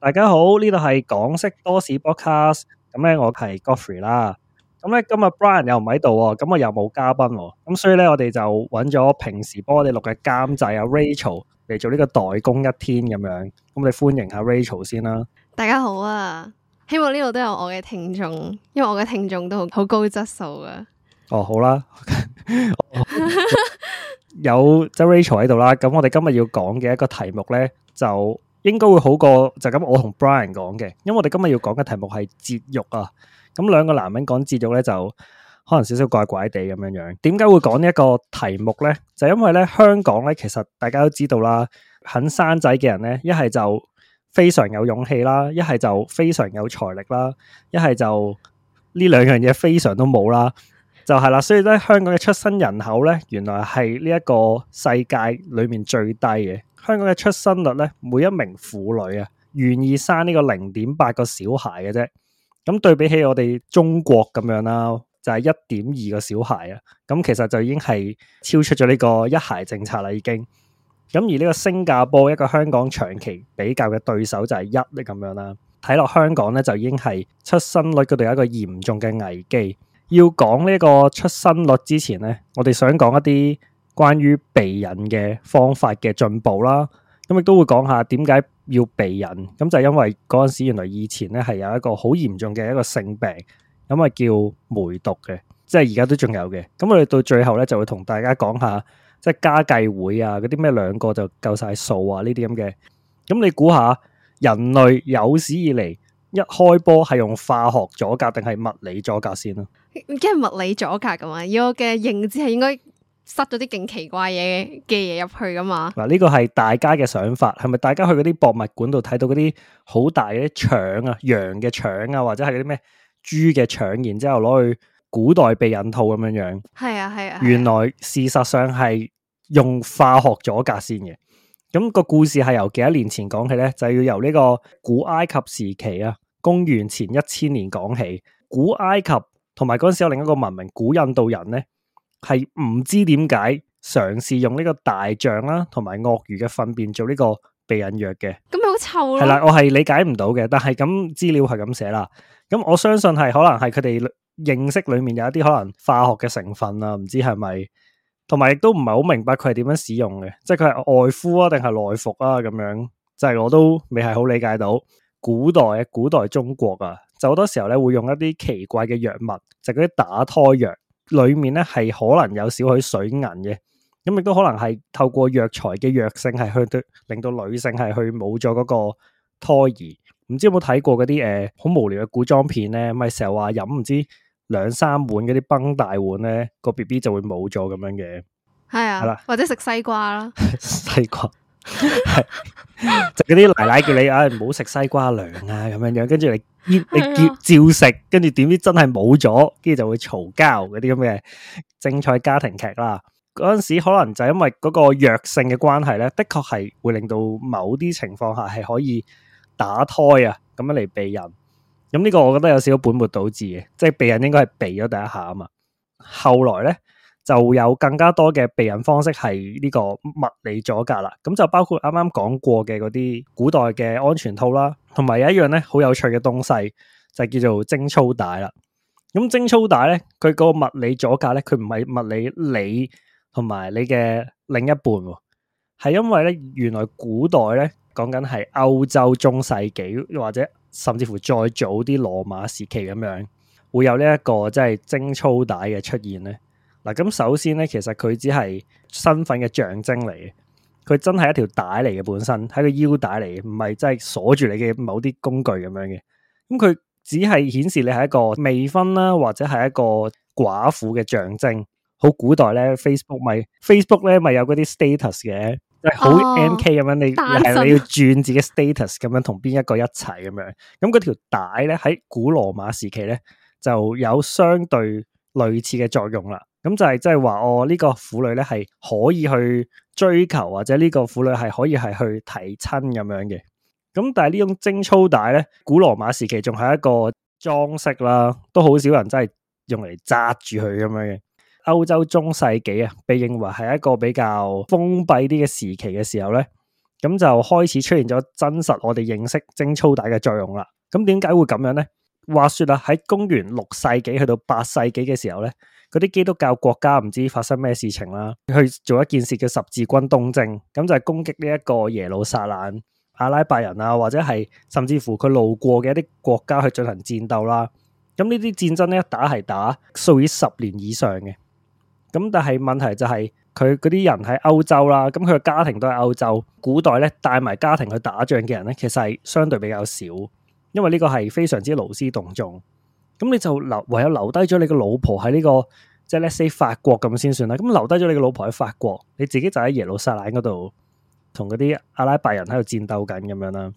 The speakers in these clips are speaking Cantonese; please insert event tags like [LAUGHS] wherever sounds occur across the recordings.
大家好，呢度係港識多史 Broadcast 咁咧我係 Godfrey 啦，咁、嗯、咧今日 Brian 又唔喺度啊，咁、嗯、我又冇嘉賓喎，咁、嗯、所以咧我哋就揾咗平時幫我哋錄嘅監製阿 Rachel 嚟做呢個代工一天咁樣，咁我哋歡迎下 Rachel 先啦。大家好啊，希望呢度都有我嘅聽眾，因為我嘅聽眾都好高質素噶。哦，好啦， [LAUGHS] 我 [LAUGHS] 有即係 Rachel 喺度啦，咁、就是、我哋今日要講嘅一個題目咧就。應該會好過就咁。我同 Brian 講嘅，因為我哋今日要講嘅題目係節育啊。咁兩個男人講節育咧，就可能少少怪怪地咁樣樣。點解會講呢一個題目咧？就因為咧，香港咧，其實大家都知道啦，肯生仔嘅人咧，一係就非常有勇氣啦，一係就非常有財力啦，一係就呢兩樣嘢非常都冇啦。就係、是、啦，所以咧，香港嘅出生人口咧，原來係呢一個世界裏面最低嘅。香港嘅出生率咧，每一名婦女啊，願意生呢個零點八個小孩嘅啫。咁對比起我哋中國咁樣啦、啊，就係一點二個小孩啊。咁其實就已經係超出咗呢個一孩政策啦，已經。咁而呢個新加坡一個香港長期比較嘅對手就係一、啊，咧咁樣啦。睇落香港咧，就已經係出生率嗰度有一個嚴重嘅危機。要講呢個出生率之前咧，我哋想講一啲。關於避孕嘅方法嘅進步啦，咁亦都會講下點解要避孕，咁就係因為嗰陣時原來以前咧係有一個好嚴重嘅一個性病，咁啊叫梅毒嘅，即係而家都仲有嘅。咁我哋到最後咧就會同大家講下，即係家計會啊，嗰啲咩兩個就夠晒數啊，呢啲咁嘅。咁你估下，人類有史以嚟一開波係用化學阻隔定係物理阻隔先啦？梗係物理阻隔噶嘛？以我嘅認知係應該。塞咗啲勁奇怪嘢嘅嘢入去噶嘛？嗱，呢個係大家嘅想法，係咪大家去嗰啲博物館度睇到嗰啲好大嘅腸啊、羊嘅腸啊，或者係嗰啲咩豬嘅腸，然之後攞去古代避孕套咁樣樣？係啊，係啊，啊啊原來事實上係用化學阻隔先嘅。咁、個故事係由幾多年前講起咧，就要由呢個古埃及時期啊，公元前一千年講起。古埃及同埋嗰陣時有另一個文明，古印度人咧。係唔知點解嘗試用呢個大象啦，同埋鱷魚嘅糞便做呢個避孕藥嘅，咁咪好臭咯？係啦，我係理解唔到嘅，但係咁資料係咁寫啦。咁我相信係可能係佢哋認識裏面有一啲可能化學嘅成分啊，唔知係咪？同埋亦都唔係好明白佢係點樣使用嘅，即係佢係外敷啊，定係內服啊？咁樣就係、是、我都未係好理解到。古代啊，古代中國啊，就好多時候咧會用一啲奇怪嘅藥物，就嗰、是、啲打胎藥。裏面咧係可能有少許水銀嘅，咁亦都可能係透過藥材嘅藥性係去對令到女性係去冇咗嗰個胎兒。唔知有冇睇過嗰啲誒好無聊嘅古裝片咧，咪成日話飲唔知兩三碗嗰啲崩大碗咧，個 B B 就會冇咗咁樣嘅。係啊，啦或者食西瓜啦， [LAUGHS] 西瓜， [LAUGHS] [LAUGHS] [LAUGHS] 就嗰啲奶奶叫你啊唔好食西瓜涼啊咁樣樣，跟住你。照食，跟住點知真係冇咗，跟住就會嘈交嗰啲咁嘅精彩家庭劇啦。嗰陣時可能就因為嗰個藥性嘅關係咧，的確係會令到某啲情況下係可以打胎啊，咁樣嚟避孕。咁呢個我覺得有少少本末倒置嘅，即係避孕應，應該係避咗第一下啊嘛。後來咧就有更加多嘅避孕方式係呢個物理阻隔啦。咁就包括啱啱講過嘅嗰啲古代嘅安全套啦。同埋有一樣咧，好有趣嘅東西就叫做貞操帶啦。咁貞操帶咧，佢嗰個物理阻隔，咧，佢唔係物理，理你同埋你嘅另一半，係因為咧，原來古代咧，講緊係歐洲中世紀或者甚至乎再早啲羅馬時期咁樣，會有呢一個即係貞操帶嘅出現咧。嗱，咁首先咧，其實佢只係身份嘅象徵嚟。佢真係一條帶嚟嘅本身，係個腰帶嚟嘅，唔係真係鎖住你嘅某啲工具咁樣嘅。咁佢只係顯示你係一個未婚啦，或者係一個寡婦嘅象徵，好古代咧，Facebook 咪 Facebook 咧，咪有嗰啲 status 嘅，即係好 M K 咁樣，你係你要轉自己 status 咁樣同邊一個一齊咁樣。咁嗰條帶咧喺古羅馬時期咧就有相對類似嘅作用啦，咁就係即係話我呢個婦女咧係可以去追求，或者呢個婦女係可以係去提親咁樣嘅。咁但係呢種貞操帶咧，古羅馬時期仲係一個裝飾啦，都好少人真係用嚟紮住佢咁樣嘅。歐洲中世紀啊，被認為係一個比較封閉啲嘅時期嘅時候咧，咁就開始出現咗真實我哋認識貞操帶嘅作用啦。咁點解會咁樣咧？話說啦，喺公元六世紀去到八世紀嘅時候咧，嗰啲基督教國家唔知發生咩事情啦，去做一件事叫十字軍東征，咁就係攻擊呢一個耶路撒冷、阿拉伯人啊，或者係甚至乎佢路過嘅一啲國家去進行戰鬥啦。咁呢啲戰爭咧，一打係打數以十年以上嘅。咁但係問題就係佢嗰啲人喺歐洲啦，咁佢嘅家庭都係歐洲，古代咧，帶埋家庭去打仗嘅人咧，其實係相對比較少。因為呢個係非常之勞師動眾，咁你就留，唯有留低咗你個老婆喺呢、這個，即係 let's say 法國咁先算啦。咁留低咗你個老婆喺法國，你自己就喺耶路撒冷嗰度，同嗰啲阿拉伯人喺度戰鬥緊咁樣啦。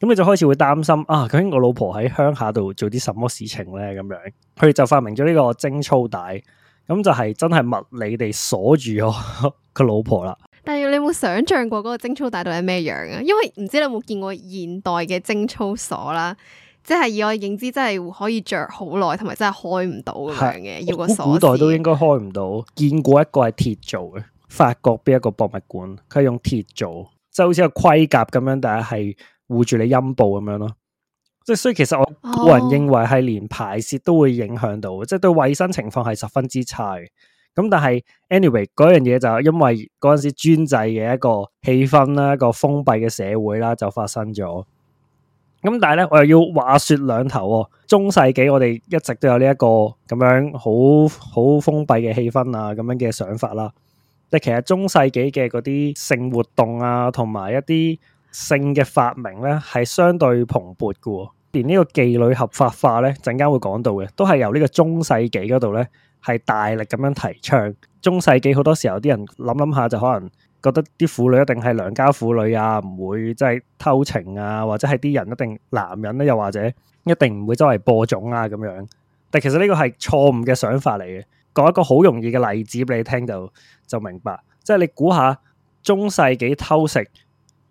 咁你就開始會擔心啊，究竟我老婆喺鄉下度做啲什麼事情咧？咁樣，佢哋就發明咗呢個貞操帶，咁就係真係物理地鎖住咗個老婆啦。但係你有冇想象過嗰個貞操帶到底係咩樣啊？因為唔知你有冇見過現代嘅貞操鎖啦，即係以我認知，真係可以着好耐，同埋真係開唔到咁樣嘅。的要個鎖古代都應該開唔到。見過一個係鐵做嘅，法國邊一個博物館，佢係用鐵做，即係好似個盔甲咁樣，但係係護住你陰部咁樣咯。即係所以其實我個人認為係連排泄都會影響到，即係、哦、對衛生情況係十分之差嘅咁但係，anyway，嗰樣嘢就係因為嗰陣時專制嘅一個氣氛啦，一個封閉嘅社會啦，就發生咗。咁但係咧，我又要話說兩頭、哦。中世紀我哋一直都有呢、呢、一個咁樣好好封閉嘅氣氛啊，咁樣嘅想法啦。但其實中世紀嘅嗰啲性活動啊，同埋一啲性嘅發明咧，係相對蓬勃嘅、哦。連呢個妓女合法化咧，陣間會講到嘅，都係由呢個中世紀嗰度咧。係大力咁樣提倡，中世紀好多時候啲人諗諗下就可能覺得啲婦女一定係良家婦女啊，唔會即係、就是、偷情啊，或者係啲人一定男人咧、啊，又或者一定唔會周圍播種啊咁樣。但其實呢個係錯誤嘅想法嚟嘅。講一個好容易嘅例子俾你聽就就明白，即、就、係、是、你估下中世紀偷食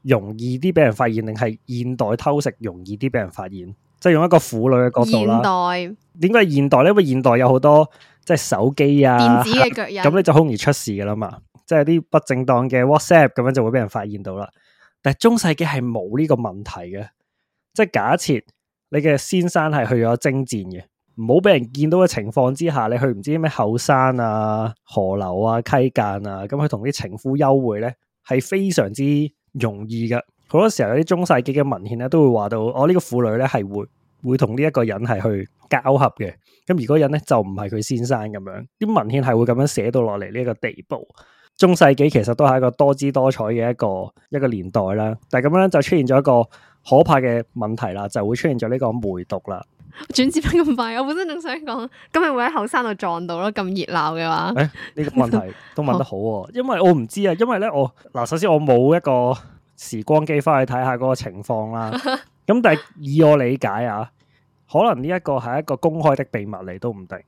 容易啲俾人發現，定係現代偷食容易啲俾人發現？即、就、係、是、用一個婦女嘅角度啦。現代點解係現代呢？因為現代有好多。即係手機啊，電子嘅腳印，咁你就好容易出事噶啦嘛。即係啲不正當嘅 WhatsApp 咁樣就會俾人發現到啦。但係中世紀係冇呢個問題嘅。即係假設你嘅先生係去咗征戰嘅，唔好俾人見到嘅情況之下，你去唔知咩後山啊、河流啊、溪澗啊，咁去同啲情夫幽會咧，係非常之容易噶。好多時候有啲中世紀嘅文獻咧都會話到，我、哦這個、呢個婦女咧係會。會同呢一個人係去交合嘅，咁如果人咧就唔係佢先生咁樣，啲文獻係會咁樣寫到落嚟呢一個地步。中世紀其實都係一個多姿多彩嘅一個一個年代啦，但係咁樣就出現咗一個可怕嘅問題啦，就會出現咗呢個梅毒啦。轉折咁快，我本身仲想講，今日會喺後生度撞到咯，咁熱鬧嘅話，呢、欸呢個問題都問得好喎、啊， [LAUGHS] 因為我唔知啊，因為咧我嗱首先我冇一個時光機翻去睇下嗰個情況啦，咁但係以我理解啊。可能呢一個係一個公開的秘密嚟都唔定，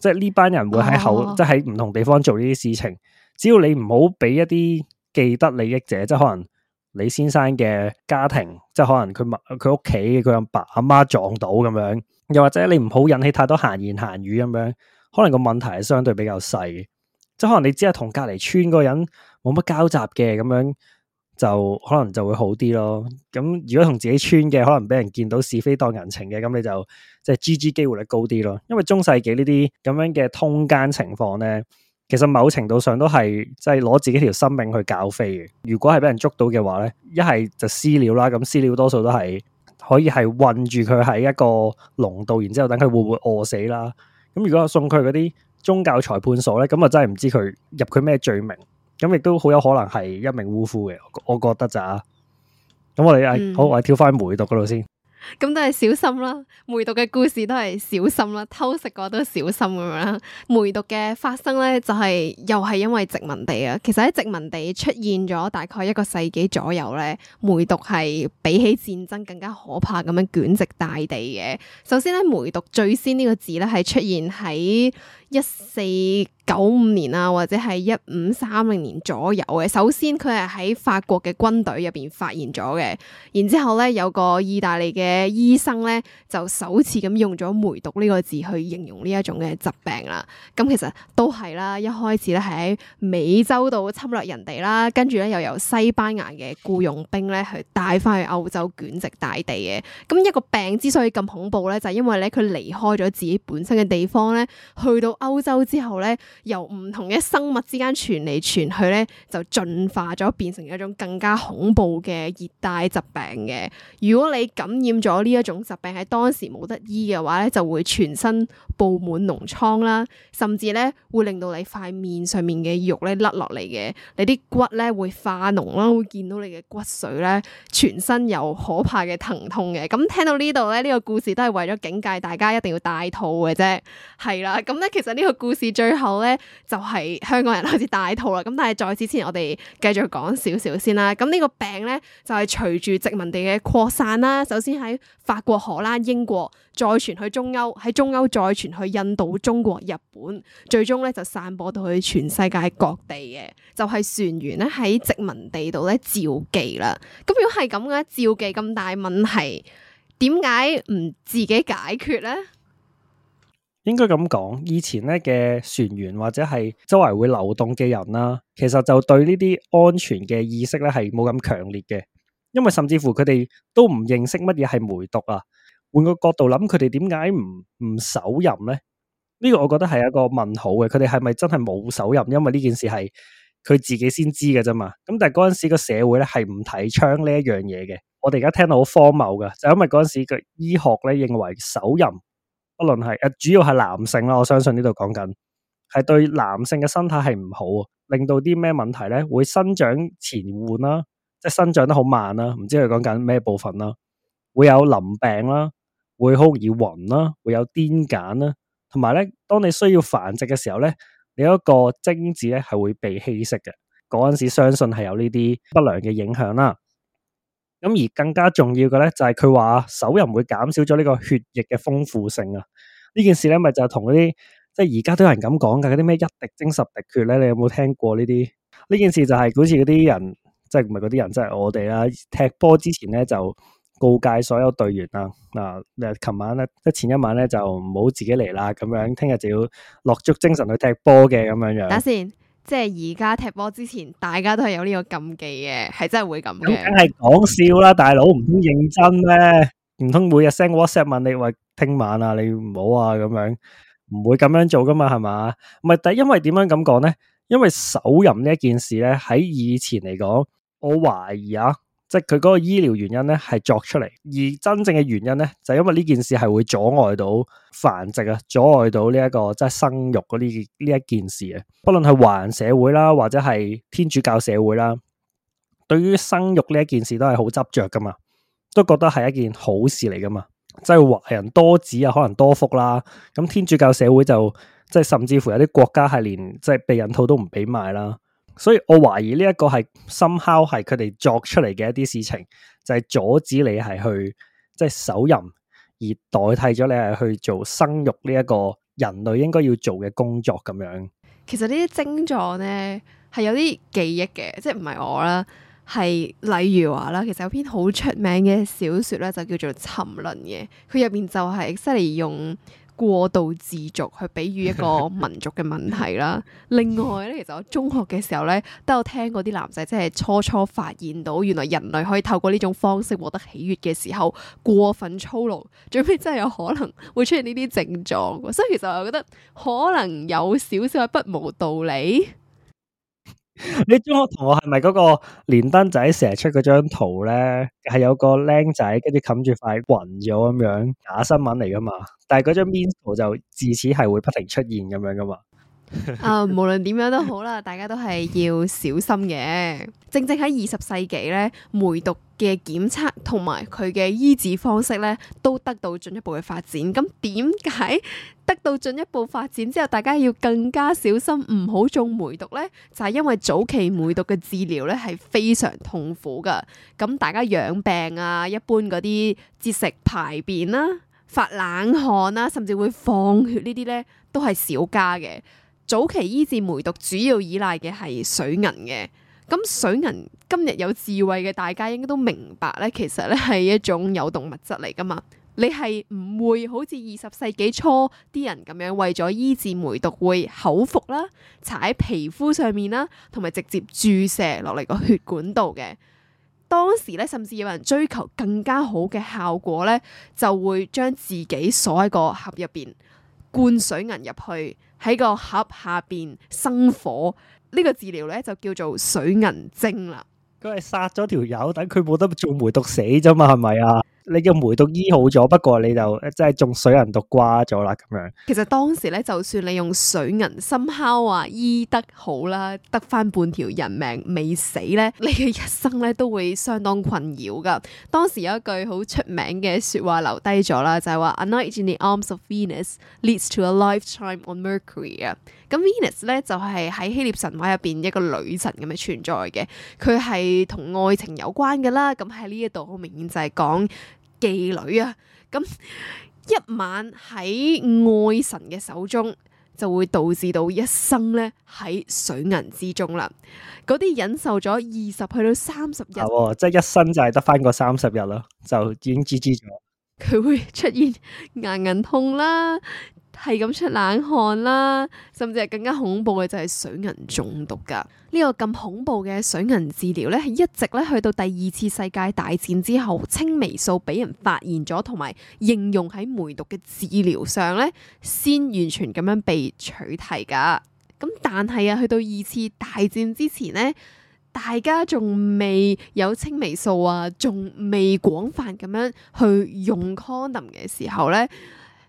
即係呢班人會喺後，啊、即係喺唔同地方做呢啲事情。只要你唔好俾一啲既得利益者，即係可能李先生嘅家庭，即係可能佢佢屋企佢阿爸阿媽撞到咁樣，又或者你唔好引起太多閒言閒語咁樣，可能個問題係相對比較細，即係可能你只係同隔離村嗰個人冇乜交集嘅咁樣。就可能就會好啲咯。咁如果同自己穿嘅，可能俾人見到是非當人情嘅，咁你就即係 GG 機會率高啲咯。因為中世紀呢啲咁樣嘅通奸情況咧，其實某程度上都係即係攞自己條生命去搞飛嘅。如果係俾人捉到嘅話咧，一係就私了啦。咁私了多數都係可以係困住佢喺一個籠度，然之後等佢會唔會餓死啦？咁如果送佢嗰啲宗教裁判所咧，咁啊真係唔知佢入佢咩罪名。咁亦都好有可能係一名巫夫嘅，我我覺得咋？咁我哋誒，嗯、好，我哋跳翻梅毒嗰度先。咁、嗯、都係小心啦，梅毒嘅故事都係小心啦，偷食過都小心咁樣啦。梅毒嘅發生咧，就係、是、又係因為殖民地啊。其實喺殖民地出現咗大概一個世紀左右咧，梅毒係比起戰爭更加可怕咁樣捲席大地嘅。首先咧，梅毒最先呢個字咧係出現喺一四。九五年啊，或者係一五三零年左右嘅。首先佢係喺法國嘅軍隊入邊發現咗嘅，然之後咧有個意大利嘅醫生咧就首次咁用咗「梅毒」呢個字去形容呢一種嘅疾病啦。咁、嗯、其實都係啦，一開始咧喺美洲度侵略人哋啦，跟住咧又由西班牙嘅僱傭兵咧去帶翻去歐洲捲席大地嘅。咁、嗯、一個病之所以咁恐怖咧，就係、因為咧佢離開咗自己本身嘅地方咧，去到歐洲之後咧。由唔同嘅生物之間傳嚟傳去咧，就進化咗變成一種更加恐怖嘅熱帶疾病嘅。如果你感染咗呢一種疾病喺當時冇得醫嘅話咧，就會全身布滿膿瘡啦，甚至咧會令到你塊面上面嘅肉咧甩落嚟嘅，你啲骨咧會化膿啦，會見到你嘅骨髓咧，全身有可怕嘅疼痛嘅。咁聽到呢度咧，呢個故事都係為咗警戒大家一定要戴套嘅啫。係啦，咁咧其實呢個故事最後。咧就係香港人開始大肚啦，咁但係在此之前我繼點點，我哋繼續講少少先啦。咁呢個病咧就係隨住殖民地嘅擴散啦，首先喺法國、荷蘭、英國再傳去中歐，喺中歐再傳去印度、中國、日本，最終咧就散播到去全世界各地嘅，就係、是、船員咧喺殖民地度咧召妓啦。咁如果係咁嘅，召妓咁大問題，點解唔自己解決咧？應該咁講，以前咧嘅船員或者係周圍會流動嘅人啦，其實就對呢啲安全嘅意識咧係冇咁強烈嘅，因為甚至乎佢哋都唔認識乜嘢係梅毒啊。換個角度諗，佢哋點解唔唔手淫呢？呢、呢個我覺得係一個問號嘅，佢哋係咪真係冇手淫？因為呢件事係佢自己先知嘅啫嘛。咁但係嗰陣時個社會咧係唔提倡呢一樣嘢嘅。我哋而家聽到好荒謬噶，就是，因為嗰陣時個醫學咧認為手淫。不論係誒，主要係男性啦，我相信呢度講緊係對男性嘅身體係唔好，令到啲咩問題咧，會生長遲緩啦，即係生長得好慢啦，唔知佢講緊咩部分啦，會有淋病啦，會好易暈啦，會有癲癇啦，同埋咧，當你需要繁殖嘅時候咧，你一個精子咧係會被稀釋嘅，嗰陣時相信係有呢啲不良嘅影響啦。咁而更加重要嘅咧，就係佢話手淫會減少咗呢個血液嘅豐富性啊！呢件事咧，咪就係同嗰啲即係而家都有人咁講嘅嗰啲咩一滴精十滴血咧？你有冇聽過呢啲？呢件事就係好似嗰啲人，即係唔係嗰啲人，即係我哋啦。踢波之前咧，就告誡所有隊員啊，嗱、呃，誒，琴晚咧，即係前一晚咧，就唔好自己嚟啦，咁樣，聽日就要落足精神去踢波嘅，咁樣樣。打即係而家踢波之前，大家都係有呢個禁忌嘅，係真係會咁。咁梗係講笑啦，大佬唔通認真咩？唔通每日 send WhatsApp 問你話聽晚啊，你唔好啊咁樣，唔會咁樣做噶嘛，係嘛？唔係，但因為點樣咁講咧？因為手淫呢一件事咧，喺以前嚟講，我懷疑啊。即係佢嗰個醫療原因咧，係作出嚟，而真正嘅原因咧就係、因為呢件事係會阻礙到繁殖啊，阻礙到呢、這、一個即係生育嗰啲呢一件事啊。不論係華人社會啦，或者係天主教社會啦，對於生育呢一件事都係好執着噶嘛，都覺得係一件好事嚟噶嘛。即係華人多子啊，可能多福啦。咁天主教社會就即係甚至乎有啲國家係連即係避孕套都唔俾賣啦。所以我懷疑呢一個係深敲係佢哋作出嚟嘅一啲事情，就係、是、阻止你係去即係、就是、手淫，而代替咗你係去做生育呢一個人類應該要做嘅工作咁樣。其實狀，呢啲症狀咧係有啲記憶嘅，即係唔係我啦，係例如話啦，其實有篇好出名嘅小說咧就叫做《沉淪》嘅，佢入邊就係犀利用。過度自足，去比喻一個民族嘅問題啦。 [LAUGHS] 另外咧，其實我中學嘅時候咧，都有聽過啲男仔，即係初初發現到，原來人類可以透過呢種方式獲得喜悅嘅時候，過分操勞，最尾真係有可能會出現呢啲症狀。所以其實我覺得可能有少少係不無道理。 [LAUGHS] 你中學同學係咪嗰個連登仔成日出嗰張圖咧？係有個僆仔跟住冚住塊雲咗咁樣假新聞嚟噶嘛？但係嗰張邊圖就自此係會不停出現咁樣噶嘛？ [LAUGHS] 啊，無論點樣都好啦，大家都係要小心嘅。正正喺二十世紀咧，梅毒嘅檢測同埋佢嘅醫治方式咧，都得到進一步嘅發展。咁點解得到進一步發展之後，大家要更加小心，唔好中梅毒咧？就係、是、因為早期梅毒嘅治療咧，係非常痛苦噶。咁大家養病啊，一般嗰啲節食、排便啦、啊、發冷汗啦、啊，甚至會放血呢啲咧，都係少加嘅。早期醫治梅毒主要依賴嘅係水銀嘅，咁水銀今日有智慧嘅，大家應該都明白咧，其實咧係一種有毒物質嚟噶嘛。你係唔會好似二十世紀初啲人咁樣為咗醫治梅毒會口服啦、搽喺皮膚上面啦，同埋直接注射落嚟個血管度嘅。當時咧，甚至有人追求更加好嘅效果咧，就會將自己鎖喺個盒入邊，灌水銀入去。喺個盒下邊生火，呢、這個治療咧就叫做水銀蒸啦。佢係殺咗條友，等佢冇得做梅毒死咋嘛？係咪啊？你嘅梅毒醫好咗，不過你就真係中水銀毒瓜咗啦，咁樣。其實當時咧，就算你用水銀深烤啊，醫得好啦，得翻半條人命未死咧，你嘅一生咧都會相當困擾噶。當時有一句好出名嘅說話留低咗啦，就係話 A night in the arms of Venus leads to a lifetime on Mercury 啊。咁 Venus 咧就係喺希臘神話入邊一個女神咁嘅存在嘅，佢係同愛情有關噶啦。咁喺呢一度好明顯就係講。妓女啊，咁一晚喺愛神嘅手中，就會導致到一生咧喺水銀之中啦。嗰啲忍受咗二十去到三十日，即係一生就係得翻個三十日咯，就已經知知咗，佢會出現牙齦痛啦。係咁出冷汗啦，甚至係更加恐怖嘅就係水銀中毒噶。呢個咁恐怖嘅水銀治療呢，係一直咧去到第二次世界大戰之後，青霉素俾人發現咗，同埋應用喺梅毒嘅治療上呢，先完全咁樣被取締噶。咁但係啊，去到二次大戰之前呢，大家仲未有青霉素啊，仲未廣泛咁樣去用 condom 嘅時候呢。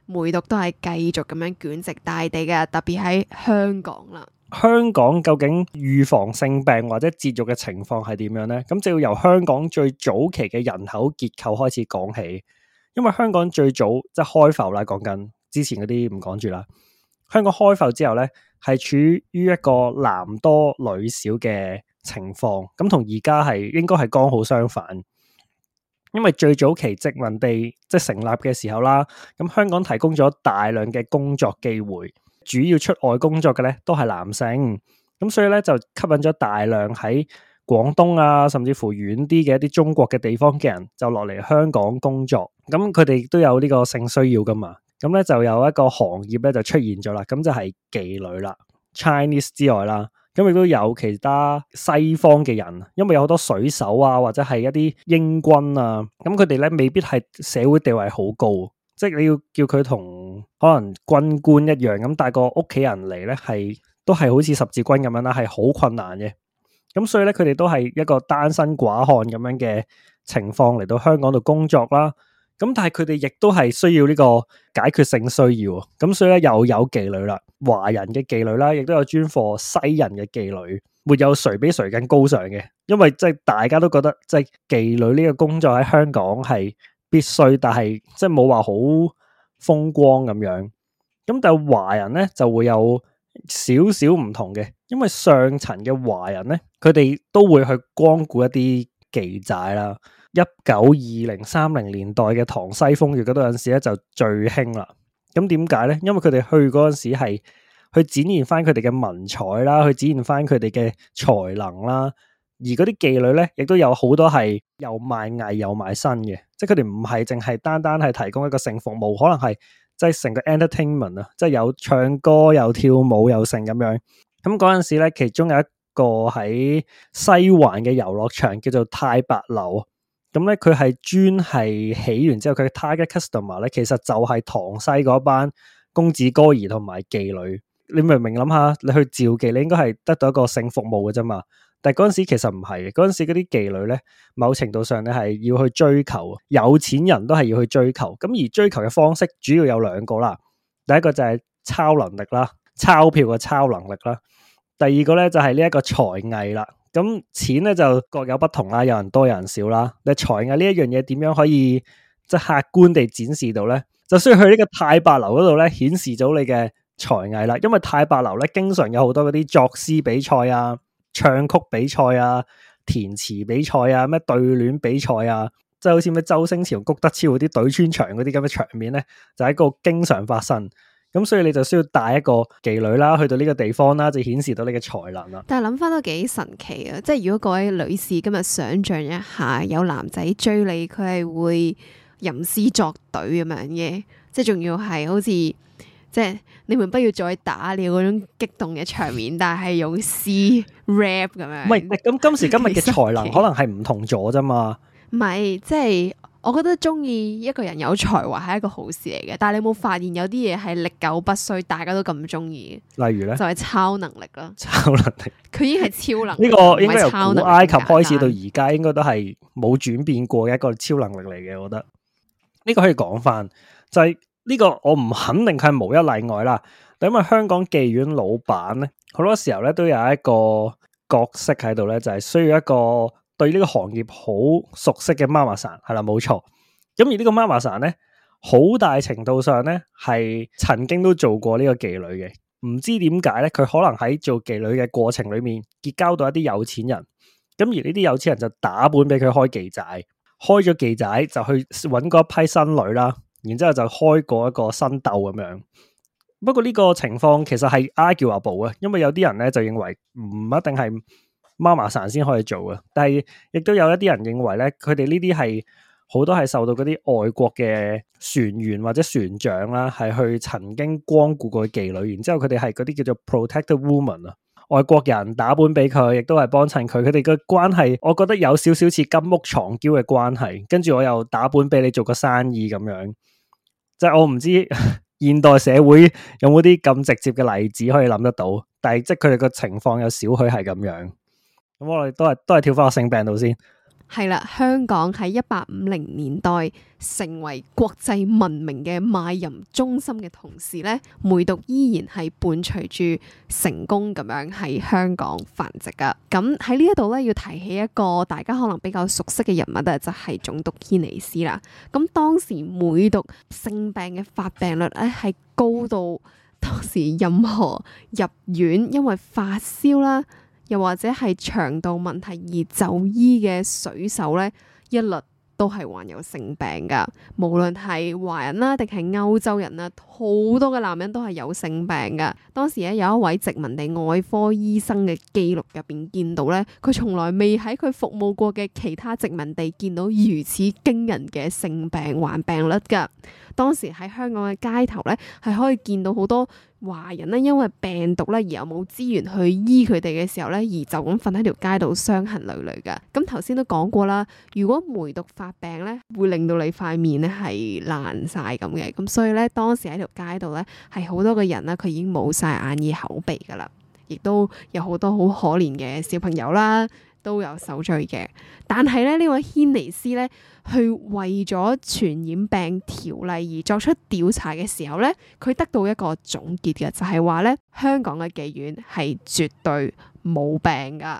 梅毒都係繼續咁樣捲席大地嘅，特別喺香港啦。香港究竟預防性病或者節育嘅情況係點樣呢？咁就要由香港最早期嘅人口結構開始講起，因為香港最早即係開埠啦。講緊之前嗰啲唔講住啦。香港開埠之後呢，係處於一個男多女少嘅情況，咁同而家係應該係剛好相反。因為最早期殖民地即係成立嘅時候啦，咁香港提供咗大量嘅工作機會，主要出外工作嘅咧都係男性，咁所以咧就吸引咗大量喺廣東啊，甚至乎遠啲嘅一啲中國嘅地方嘅人，就落嚟香港工作，咁佢哋都有呢個性需要㗎嘛，咁咧就有一個行業咧就出現咗啦，咁就係妓女啦，Chinese 之外啦。咁亦都有其他西方嘅人，因為有好多水手啊，或者係一啲英軍啊，咁佢哋咧未必係社會地位好高，即係你要叫佢同可能軍官一樣咁帶個屋企人嚟，咧係都係好似十字軍咁樣啦，係好困難嘅。咁所以咧，佢哋都係一個單身寡漢咁樣嘅情況嚟到香港度工作啦。咁但係佢哋亦都係需要呢個解決性需要，咁所以咧又有妓女啦，華人嘅妓女啦，亦都有專課西人嘅妓女，沒有誰比誰更高尚嘅，因為即係大家都覺得即係、就是、妓女呢個工作喺香港係必須，但係即係冇話好風光咁樣。咁但係華人咧就會有少少唔同嘅，因為上層嘅華人咧，佢哋都會去光顧一啲妓仔啦。一九二零三零年代嘅《塘西風月》嗰度嗰陣時咧就最興啦。咁點解咧？因為佢哋去嗰陣時係去展現翻佢哋嘅文采啦，去展現翻佢哋嘅才能啦。而嗰啲妓女咧，亦都有好多係又賣藝又賣身嘅，即係佢哋唔係淨係單單係提供一個性服務，可能係即係成個 entertainment 啊，即係有唱歌、有跳舞、有性咁樣。咁嗰陣時咧，其中有一個喺西環嘅遊樂場叫做太白樓。咁咧，佢係專係起完之後，佢嘅 target customer 咧，其實就係塘西嗰班公子哥兒同埋妓女。你明唔明諗下？你去召妓，你應該係得到一個性服務嘅啫嘛。但係嗰陣時其實唔係，嗰陣時嗰啲妓女咧，某程度上你係要去追求，有錢人都係要去追求。咁而追求嘅方式主要有兩個啦。第一個就係鈔能力啦，鈔票嘅鈔能力啦。第二個咧就係呢一個才藝啦。咁錢咧就各有不同啦，啊，有人多有人少啦，啊。你才藝呢一樣嘢點樣可以即係客觀地展示到咧？就需要去個呢個太白樓嗰度咧顯示到你嘅才藝啦。因為太白樓咧經常有好多嗰啲作詩比賽啊、唱曲比賽啊、填詞比賽啊、咩對聯比賽啊，即係好似咩周星馳同谷德超嗰啲對穿腸嗰啲咁嘅場面咧，就喺、是、個經常發生。咁所以你就需要帶一個妓女啦，去到呢個地方啦，就顯示到你嘅才能啊！但係諗翻都幾神奇啊！即係如果各位女士今日想象一下，有男仔追你，佢係會吟詩作對咁樣嘅，即係仲要係好似即係你們不要再打了嗰種激動嘅場面， [LAUGHS] 但係用詩 rap 咁樣。唔係實，咁今時今日嘅才能可能係唔同咗啫嘛。唔係，即係。我覺得中意一個人有才華係一個好事嚟嘅，但係你冇發現有啲嘢係歷久不衰，大家都咁中意？例如咧，就係超能力啦，超能力。佢已經係超能力。呢個應該由古埃及開始但到而家，應該都係冇轉變過嘅一個超能力嚟嘅。我覺得呢、這個可以講翻，就係、是、呢個我唔肯定佢係無一例外啦。因為香港妓院老闆咧，好多時候咧都有一個角色喺度咧，就係需要一個。對呢個行業好熟悉嘅媽媽生係啦，冇錯。咁而呢個媽媽生咧，好大程度上咧係曾經都做過呢個妓女嘅。唔知點解咧，佢可能喺做妓女嘅過程裏面結交到一啲有錢人。咁而呢啲有錢人就打本俾佢開妓仔，開咗妓仔就去搵嗰一批新女啦。然之後就開過一個新竇咁樣。不過呢個情況其實係 arguable 啊，因為有啲人咧就認為唔一定係。媽媽散先可以做啊，但係亦都有一啲人認為咧，佢哋呢啲係好多係受到嗰啲外國嘅船員或者船長啦，係去曾經光顧過妓女，然之後佢哋係嗰啲叫做 protected woman 啊，外國人打本俾佢，亦都係幫襯佢，佢哋嘅關係，我覺得有少少似金屋藏嬌嘅關係，跟住我又打本俾你做個生意咁樣，就係、我唔知 [LAUGHS] 現代社會有冇啲咁直接嘅例子可以諗得到，但係即係佢哋個情況有少許係咁樣。咁我哋都係都係跳翻個性病度先。係啦，香港喺一八五零年代成為國際聞名嘅賣淫中心嘅同時咧，梅毒依然係伴隨住成功咁樣喺香港繁殖噶。咁喺呢一度咧，要提起一個大家可能比較熟悉嘅人物咧，就係、是、總督軒尼詩啦。咁當時梅毒性病嘅發病率咧係高到當時任何入院因為發燒啦。又或者係腸道問題而就醫嘅水手咧，一律都係患有性病噶。無論係華人啦，定係歐洲人啦，好多嘅男人都係有性病噶。當時咧，有一位殖民地外科醫生嘅記錄入邊見到咧，佢從來未喺佢服務過嘅其他殖民地見到如此驚人嘅性病患病率噶。當時喺香港嘅街頭咧，係可以見到好多。華人咧，因為病毒咧，而又冇資源去醫佢哋嘅時候咧，而就咁瞓喺條街度，傷痕累累噶。咁頭先都講過啦，如果梅毒發病咧，會令到你塊面咧係爛晒咁嘅。咁所以咧，當時喺條街度咧，係好多嘅人啦，佢已經冇晒眼耳口鼻噶啦，亦都有好多好可憐嘅小朋友啦。都有受罪嘅，但係咧呢位軒尼斯咧去為咗傳染病條例而作出調查嘅時候咧，佢得到一個總結嘅，就係話咧香港嘅妓院係絕對冇病噶。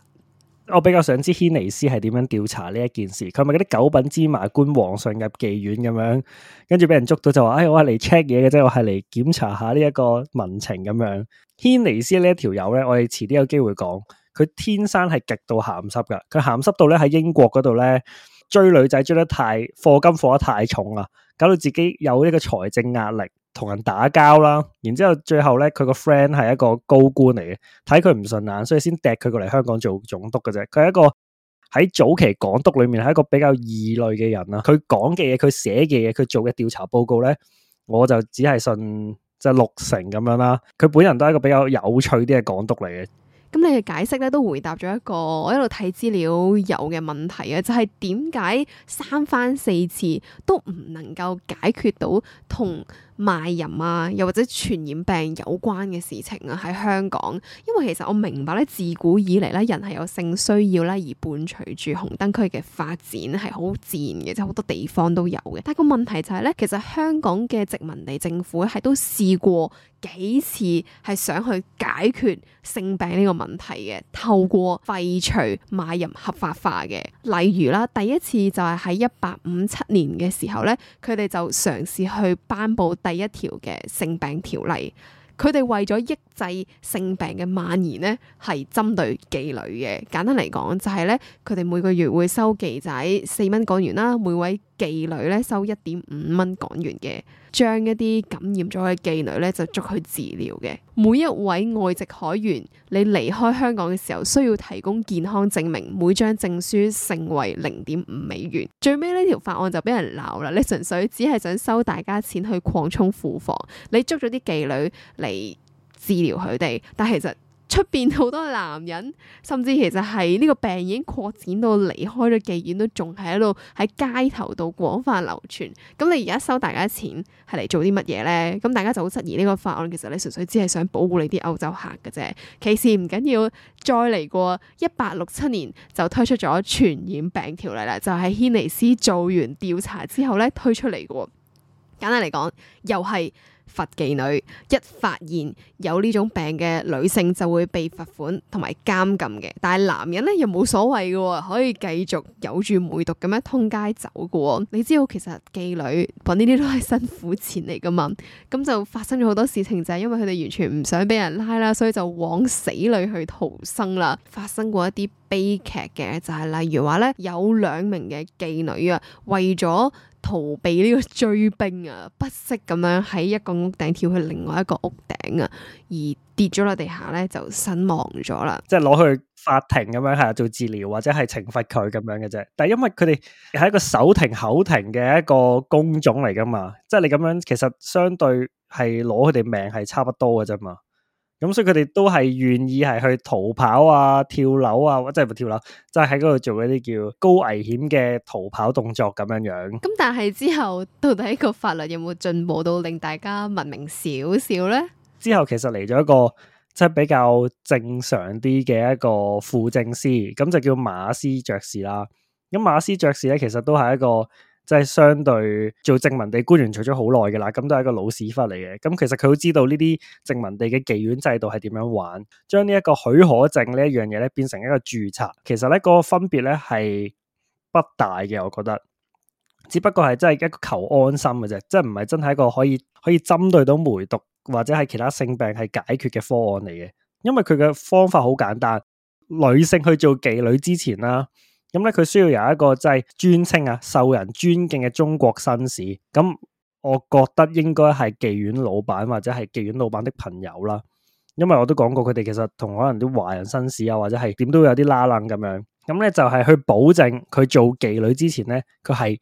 我比較想知軒尼斯係點樣調查呢一件事，佢咪嗰啲九品芝麻官皇上入妓院咁樣，跟住俾人捉到就話，哎，我係嚟 check 嘢嘅啫，我係嚟檢查下呢一個民情咁樣。軒尼斯呢一條友咧，我哋遲啲有機會講。佢天生係極度鹹濕噶佢鹹濕到咧喺英國嗰度咧追女仔追得太、課金課得太重啊，搞到自己有呢個財政壓力，同人打交啦。然之後最後咧，佢個 friend 係一個高官嚟嘅，睇佢唔順眼，所以先掟佢過嚟香港做總督嘅啫。佢係一個喺早期港督裏面係一個比較異類嘅人啦。佢講嘅嘢，佢寫嘅嘢，佢做嘅調查報告咧，我就只係信就係六成咁樣啦。佢本人都係一個比較有趣啲嘅港督嚟嘅。咁你嘅解釋咧，都回答咗一個我一路睇資料有嘅問題啊，就係點解三番四次都唔能夠解決到同賣淫啊，又或者傳染病有關嘅事情啊，喺香港，因為其實我明白咧，自古以嚟咧，人係有性需要咧，而伴隨住紅燈區嘅發展係好自然嘅，即係好多地方都有嘅。但個問題就係，是，咧，其實香港嘅殖民地政府係都試過幾次係想去解決性病呢個問題嘅，透過廢除賣淫合法化嘅，例如啦，第一次就係喺一八五七年嘅時候咧，佢哋就嘗試去頒布。第一條嘅性病條例，佢哋為咗抑制性病嘅蔓延咧，係針對妓女嘅。簡單嚟講就係咧，佢哋每個月會收妓仔四蚊港元啦，每位。妓女咧，收一點五蚊港元嘅，將一啲感染咗嘅妓女咧就捉去治療嘅。每一位外籍海員，你離開香港嘅時候需要提供健康證明，每張證書成為零點五美元。最尾呢條法案就俾人鬧啦，你純粹只係想收大家錢去擴充庫房，你捉咗啲妓女嚟治療佢哋，但其實。出邊好多男人，甚至其實係呢個病已經擴展到離開咗妓院，都仲係喺度喺街頭度廣泛流傳。咁你而家收大家錢，係嚟做啲乜嘢咧？咁大家就好質疑呢個法案，其實你純粹只係想保護你啲歐洲客嘅啫。其次，唔緊要再嚟過，一八六七年就推出咗傳染病條例啦，就係、是、軒尼詩做完調查之後咧推出嚟嘅。簡單嚟講，又係。罰妓女，一發現有呢種病嘅女性就會被罰款同埋監禁嘅。但係男人咧又冇所謂嘅，可以繼續有住梅毒咁樣通街走嘅。你知道其實妓女搵呢啲都係辛苦錢嚟㗎嘛？咁就發生咗好多事情，就係因為佢哋完全唔想俾人拉啦，所以就往死裏去逃生啦。發生過一啲悲劇嘅，就係、是、例如話咧有兩名嘅妓女啊，為咗。逃避呢個追兵啊，不惜咁樣喺一個屋頂跳去另外一個屋頂啊，而跌咗落地下咧，就身亡咗啦。即係攞去法庭咁樣，係做治療或者係懲罰佢咁樣嘅啫。但係因為佢哋係一個手停口停嘅一個工種嚟噶嘛，即係你咁樣其實相對係攞佢哋命係差唔多嘅啫嘛。咁所以佢哋都係願意係去逃跑啊、跳樓啊，或者唔跳樓，即係喺嗰度做一啲叫高危險嘅逃跑動作咁樣樣。咁但係之後到底個法律有冇進步到令大家文明少少咧？之後其實嚟咗一個即係、就是、比較正常啲嘅一個輔政司，咁就叫馬斯爵士啦。咁馬斯爵士咧，其實都係一個。即係相對做殖民地官員做咗好耐嘅啦，咁都係一個老屎忽嚟嘅。咁其實佢都知道呢啲殖民地嘅妓院制度係點樣玩，將呢一個許可證呢一樣嘢咧，變成一個注冊。其實咧，嗰個分別咧係不大嘅，我覺得。只不過係真係一個求安心嘅啫，即係唔係真係一個可以可以針對到梅毒或者係其他性病係解決嘅方案嚟嘅。因為佢嘅方法好簡單，女性去做妓女之前啦。咁咧，佢、嗯、需要有一個即係尊稱啊，受人尊敬嘅中國紳士。咁、嗯，我覺得應該係妓院老闆或者係妓院老闆的朋友啦。因為我都講過，佢哋其實同可能啲華人紳士啊，或者係點都有啲拉楞，咁樣。咁、嗯、咧、嗯、就係、是、去保證佢做妓女之前咧，佢係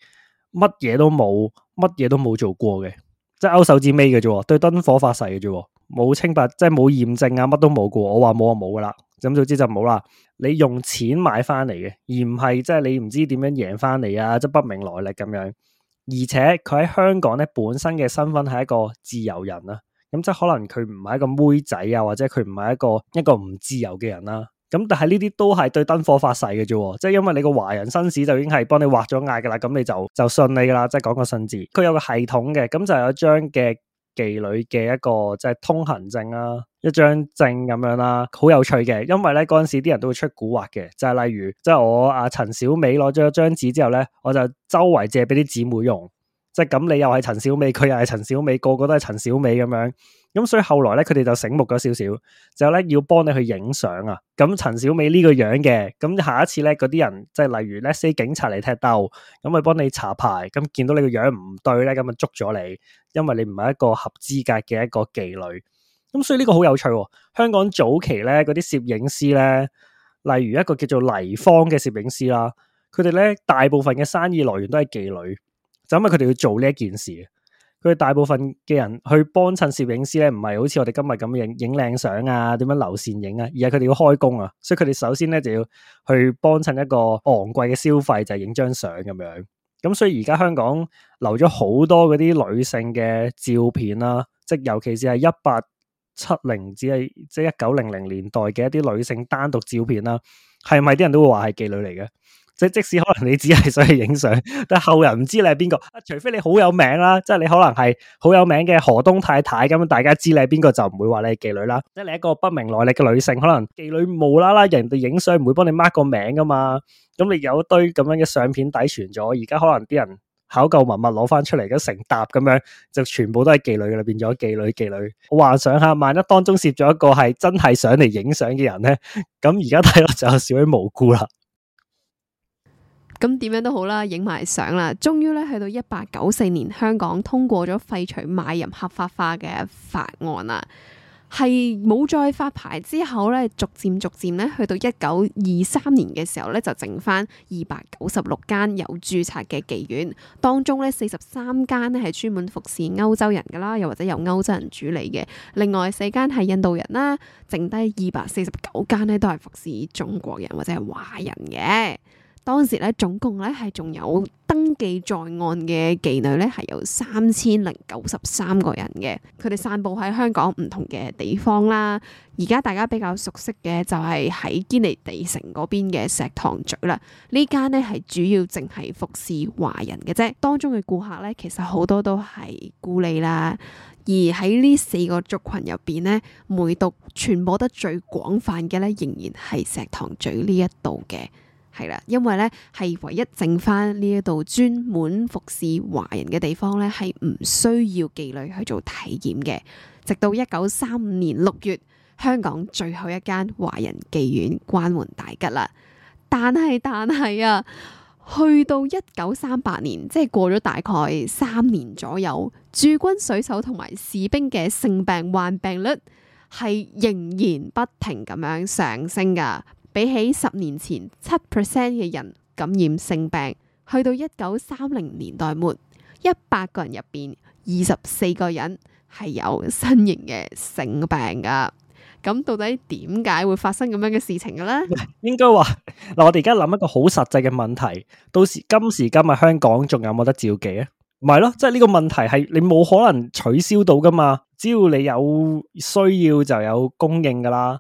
乜嘢都冇，乜嘢都冇做過嘅，即係勾手指尾嘅啫，對燈火發誓嘅啫，冇清白，即係冇驗證啊，乜都冇過。我話冇就冇噶啦。咁早知就冇啦！你用錢買翻嚟嘅，而唔係即係你唔知點樣贏翻嚟啊，即係不明來歷咁樣。而且佢喺香港咧，本身嘅身份係一個自由人啦。咁即係可能佢唔係一個妹仔啊，或者佢唔係一個一個唔自由嘅人啦。咁但係呢啲都係對燈火發誓嘅啫，即係因為你個華人紳士就已經係幫你畫咗嗌噶啦，咁你就就信你噶啦，即係講個信字。佢有個系統嘅，咁就有張嘅。妓女嘅一個即係、就是、通行證啦、啊，一張證咁樣啦、啊，好有趣嘅，因為咧嗰陣時啲人都會出古惑嘅，就係、是、例如即係、就是、我阿、啊、陳小美攞咗一張紙之後咧，我就周圍借俾啲姊妹用。即係咁，你又係陳小美，佢又係陳小美，個個都係陳小美咁樣。咁所以後來咧，佢哋就醒目咗少少，就咧要幫你去影相啊。咁陳小美呢個樣嘅，咁下一次咧，嗰啲人即係、就是、例如 let's say 警察，嚟踢竇，咁去幫你查牌，咁見到你個樣唔對咧，咁啊捉咗你，因為你唔係一個合資格嘅一個妓女。咁所以呢個好有趣，哦。香港早期咧，嗰啲攝影師咧，例如一個叫做黎芳嘅攝影師啦，佢哋咧大部分嘅生意來源都係妓女。就因為佢哋要做呢一件事，佢哋大部分嘅人去幫襯攝影師咧，唔係好似我哋今日咁影影靚相啊，點樣留線影啊，而係佢哋要開工啊，所以佢哋首先咧就要去幫襯一個昂貴嘅消費，就係影張相咁樣。咁所以而家香港留咗好多嗰啲女性嘅照片啦，啊，即尤其是係一八七零至係即係一九零零年代嘅一啲女性單獨照片啦，啊，係咪啲人都會話係妓女嚟嘅？即即使可能你只係想去影相，但後人唔知你係邊個，除非你好有名啦，即係你可能係好有名嘅何東太太咁，大家知你係邊個就唔會話你係妓女啦。即係你一個不明來歷嘅女性，可能妓女無啦啦人哋影相唔會幫你 mark 個名噶嘛。咁你有一堆咁樣嘅相片底存咗，而家可能啲人考究文物攞翻出嚟，都成沓咁樣就全部都係妓女嘅，變咗妓女妓女，妓女我幻想下，萬一當中攝咗一個係真係想嚟影相嘅人咧，咁而家睇落就有少啲無辜啦。咁點樣都好啦，影埋相啦。終於咧，去到一八九四年，香港通過咗廢除賣淫合法化嘅法案啦，係冇再發牌之後咧，逐漸逐漸咧，去到一九二三年嘅時候咧，就剩翻二百九十六間有註冊嘅妓院，當中咧四十三間咧係專門服侍歐洲人噶啦，又或者由歐洲人主理嘅，另外四間係印度人啦，剩低二百四十九間咧都係服侍中國人或者係華人嘅。當時咧，總共咧係仲有登記在案嘅妓女咧，係有三千零九十三個人嘅。佢哋散佈喺香港唔同嘅地方啦。而家大家比較熟悉嘅就係喺堅尼地城嗰邊嘅石塘咀啦。呢間呢係主要淨係服侍華人嘅啫。當中嘅顧客咧，其實好多都係咕喱啦。而喺呢四個族群入邊呢，梅毒傳播得最廣泛嘅咧，仍然係石塘咀呢一度嘅。係啦，因為咧係唯一剩翻呢一度專門服侍華人嘅地方咧，係唔需要妓女去做體檢嘅。直到一九三五年六月，香港最後一間華人妓院關門大吉啦。但係但係啊，去到一九三八年，即係過咗大概三年左右，駐軍水手同埋士兵嘅性病患病率係仍然不停咁樣上升噶比起十年前七 percent 嘅人感染性病，去到一九三零年代末，一百個人入邊二十四個人係有新型嘅性病噶。咁到底點解會發生咁樣嘅事情嘅咧？應該話嗱，我哋而家諗一個好實際嘅問題，到時今時今日香港仲有冇得召妓啊？唔係咯，即係呢個問題係你冇可能取消到噶嘛，只要你有需要就有供應噶啦。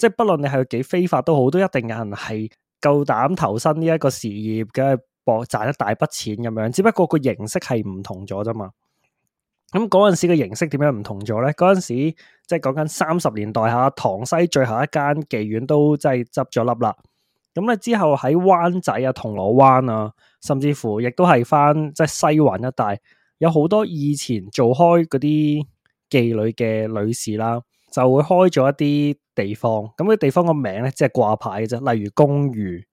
即係不論你係幾非法都好，都一定有人係夠膽投身呢一個事業嘅搏，賺一大筆錢咁樣，只不過個形式係唔同咗啫嘛。咁嗰陣時嘅形式點樣唔同咗咧？嗰陣時即係講緊三十年代下，塘西最後一間妓院都即係執咗笠啦。咁咧之後喺灣仔啊、銅鑼灣啊，甚至乎亦都係翻即係西環一帶，有好多以前做開嗰啲妓女嘅女士啦。就會開咗一啲地方，咁啲地方個名咧，即係掛牌嘅啫。例如公寓，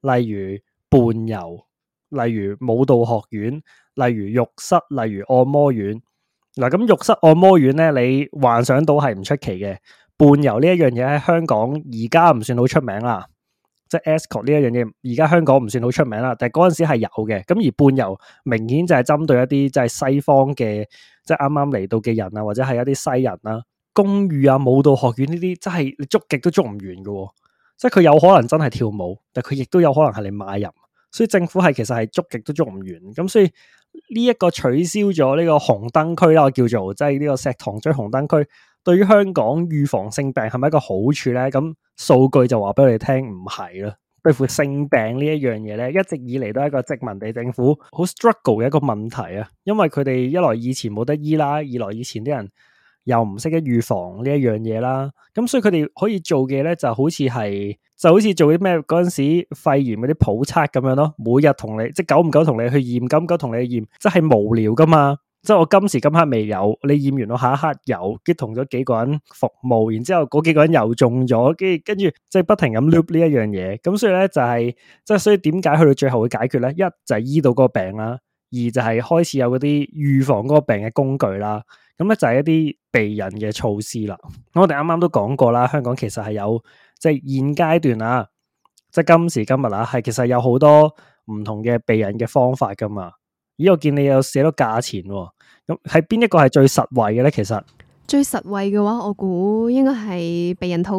例如伴遊，例如舞蹈學院，例如浴室，例如按摩院。嗱、啊，咁浴室按摩院咧，你幻想到係唔出奇嘅。伴遊呢一樣嘢喺香港而家唔算好出名啦，即係 escort 呢一樣嘢，而家香港唔算好出名啦。但係嗰陣時係有嘅。咁而伴遊明顯就係針對一啲即係西方嘅，即係啱啱嚟到嘅人啊，或者係一啲西人啦。公寓啊，舞蹈學院呢啲，真係你捉極都捉唔完嘅，即係佢有可能真係跳舞，但佢亦都有可能係你買入，所以政府係其實係捉極都捉唔完。咁所以呢一個取消咗呢個紅燈區啦，我叫做即係呢個石塘咀紅燈區，對於香港預防性病係咪一個好處咧？咁數據就話俾我哋聽，唔係啦。對付性病呢一樣嘢咧，一直以嚟都係一個殖民地政府好 struggle 嘅一個問題啊，因為佢哋一來以前冇得醫啦，二來以前啲人。又唔識得預防呢一樣嘢啦，咁所以佢哋可以做嘅咧，就好似係就好似做啲咩嗰陣時肺炎嗰啲普測咁樣咯，每日同你即係久唔久同你去驗，久唔久同你去驗，即係無聊噶嘛，即係我今時今刻未有，你驗完我下一刻有，即同咗幾個人服務，然之後嗰幾個人又中咗，跟跟住即係不停咁 loop 呢一樣嘢，咁所以咧就係、是、即係所以點解去到最後會解決咧？一就係、是、醫到嗰個病啦，二就係開始有嗰啲預防嗰個病嘅工具啦。咁咧就係一啲避孕嘅措施啦。咁我哋啱啱都講過啦，香港其實係有即係現階段啊，即係今時今日啊，係其實有好多唔同嘅避孕嘅方法噶嘛。咦，我見你有寫到價錢哦。咁係邊一個係最實惠嘅咧？其實最實惠嘅話，我估應該係避孕套。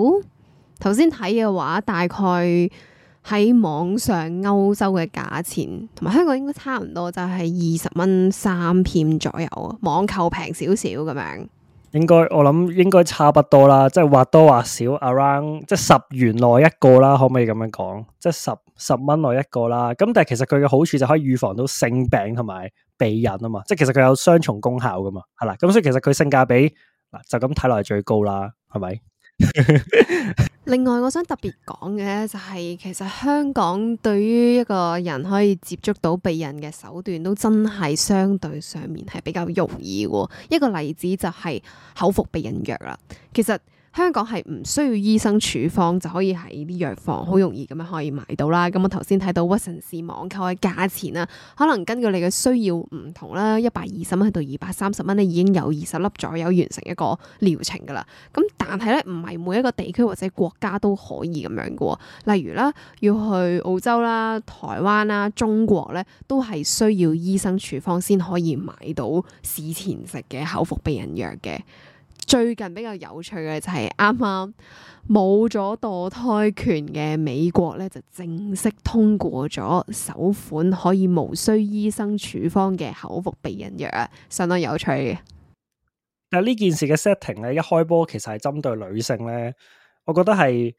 頭先睇嘅話，大概。喺網上歐洲嘅價錢同埋香港應該差唔多，就係二十蚊三片左右啊！網購平少少咁樣。應該我諗應該差不多啦，即係或多或少 around 即十元內一個啦，可唔可以咁樣講？即十十蚊內一個啦。咁但係其實佢嘅好處就可以預防到性病同埋避孕啊嘛，即係其實佢有雙重功效噶嘛，係啦。咁所以其實佢性價比嗱就咁睇落係最高啦，係咪？ [LAUGHS] 另外，我想特別講嘅就係，其實香港對於一個人可以接觸到避孕嘅手段，都真係相對上面係比較容易。一個例子就係口服避孕藥啦。其實。香港係唔需要醫生處方就可以喺啲藥房好容易咁樣可以買到啦。咁我頭先睇到屈臣氏網購嘅價錢啦，可能根據你嘅需要唔同啦，一百二十蚊去到二百三十蚊咧已經有二十粒左右完成一個療程噶啦。咁但係咧唔係每一個地區或者國家都可以咁樣噶喎。例如啦，要去澳洲啦、台灣啦、中國咧，都係需要醫生處方先可以買到事前食嘅口服避孕藥嘅。最近比較有趣嘅就係啱啱冇咗墮胎權嘅美國咧，就正式通過咗首款可以無需醫生處方嘅口服避孕藥，相當有趣嘅。但呢件事嘅 setting 咧，一開波其實係針對女性咧，我覺得係，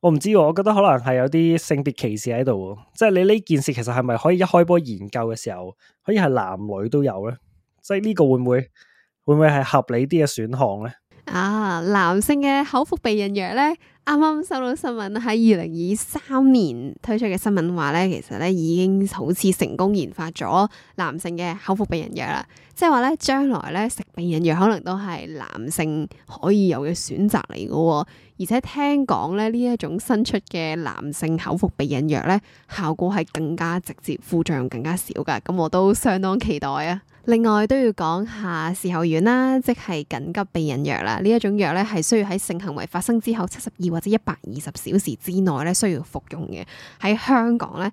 我唔知，我覺得可能係有啲性別歧視喺度。即係你呢件事其實係咪可以一開波研究嘅時候可以係男女都有咧？即係呢個會唔會？會唔會係合理啲嘅選項呢？啊，男性嘅口服避孕藥呢，啱啱收到新聞喺二零二三年推出嘅新聞話呢，其實呢已經好似成功研發咗男性嘅口服避孕藥啦。即係話呢，將來呢食避孕藥可能都係男性可以有嘅選擇嚟嘅。而且聽講咧呢一種新出嘅男性口服避孕藥呢，效果係更加直接，副作用更加少㗎。咁我都相當期待啊！另外都要講下事後丸啦，即係緊急避孕藥啦。呢一種藥咧，係需要喺性行為發生之後七十二或者一百二十小時之內咧，需要服用嘅。喺香港咧，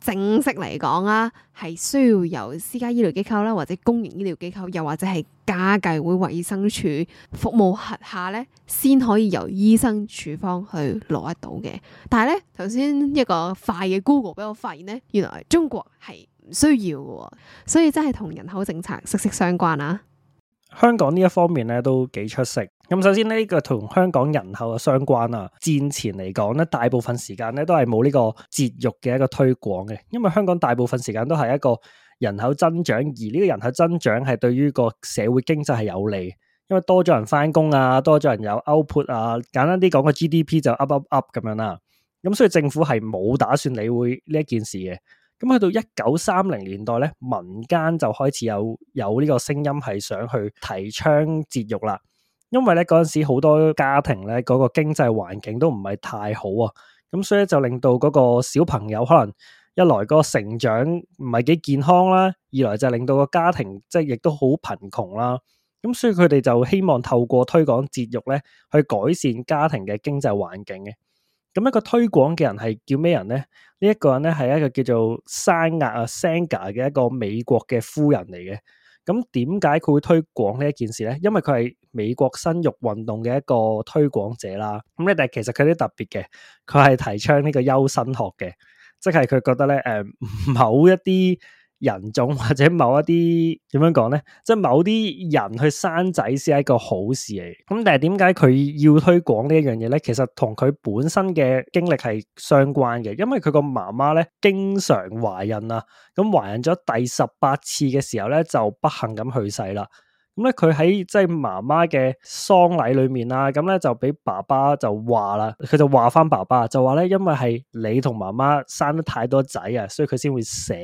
正式嚟講啦，係需要由私家醫療機構啦，或者公營醫療機構，又或者係家計會衞生署服務核下咧，先可以由醫生處方去攞得到嘅。但係咧，頭先一個快嘅 Google 俾我發現咧，原來中國係。唔需要嘅，所以真係同人口政策息息相關啊！香港呢一方面咧都幾出色。咁首先呢、呢個同香港人口嘅相關啊。戰前嚟講咧，大部分時間咧都係冇呢個節育嘅一個推廣嘅，因為香港大部分時間都係一個人口增長，而呢個人口增長係對於個社會經濟係有利，因為多咗人翻工啊，多咗人有 output 啊，簡單啲講個 GDP 就 up up up 咁樣啦。咁、嗯、所以政府係冇打算理會呢一件事嘅。咁去到一九三零年代咧，民間就開始有有呢個聲音係想去提倡節育啦。因為咧嗰陣時好多家庭咧嗰個經濟環境都唔係太好啊，咁所以就令到嗰個小朋友可能一來個成長唔係幾健康啦，二來就令到個家庭即係亦都好貧窮啦。咁所以佢哋就希望透過推廣節育咧，去改善家庭嘅經濟環境嘅。咁一個推廣嘅人係叫咩人咧？呢、這、一個人咧係一個叫做 Sanger 啊 Sanger 嘅一個美國嘅夫人嚟嘅。咁點解佢會推廣呢一件事咧？因為佢係美國生育運動嘅一個推廣者啦。咁咧，但係其實佢啲特別嘅，佢係提倡呢個優生學嘅，即係佢覺得咧，誒、呃，某一啲。人種或者某一啲點樣講咧，即係某啲人去生仔先係一個好事嚟。咁但係點解佢要推廣呢一樣嘢咧？其實同佢本身嘅經歷係相關嘅，因為佢個媽媽咧經常懷孕啊，咁、嗯、懷孕咗第十八次嘅時候咧，就不幸咁去世啦。咁咧，佢喺即係媽媽嘅喪禮裏面啦，咁咧就俾爸爸就話啦，佢就話返爸爸就話咧，因為係你同媽媽生得太多仔啊，所以佢先會死，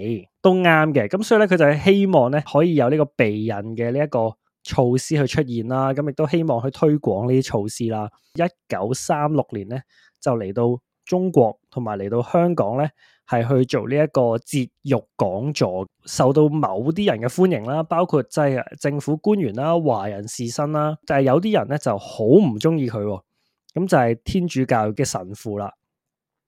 都啱嘅。咁所以咧，佢就希望咧可以有呢個避孕嘅呢一個措施去出現啦，咁亦都希望去推廣呢啲措施啦。一九三六年咧就嚟到中國同埋嚟到香港咧。係去做呢一個節育講座，受到某啲人嘅歡迎啦，包括即係政府官員啦、華人士紳啦，但係有啲人咧就好唔中意佢，咁就係天主教嘅神父啦。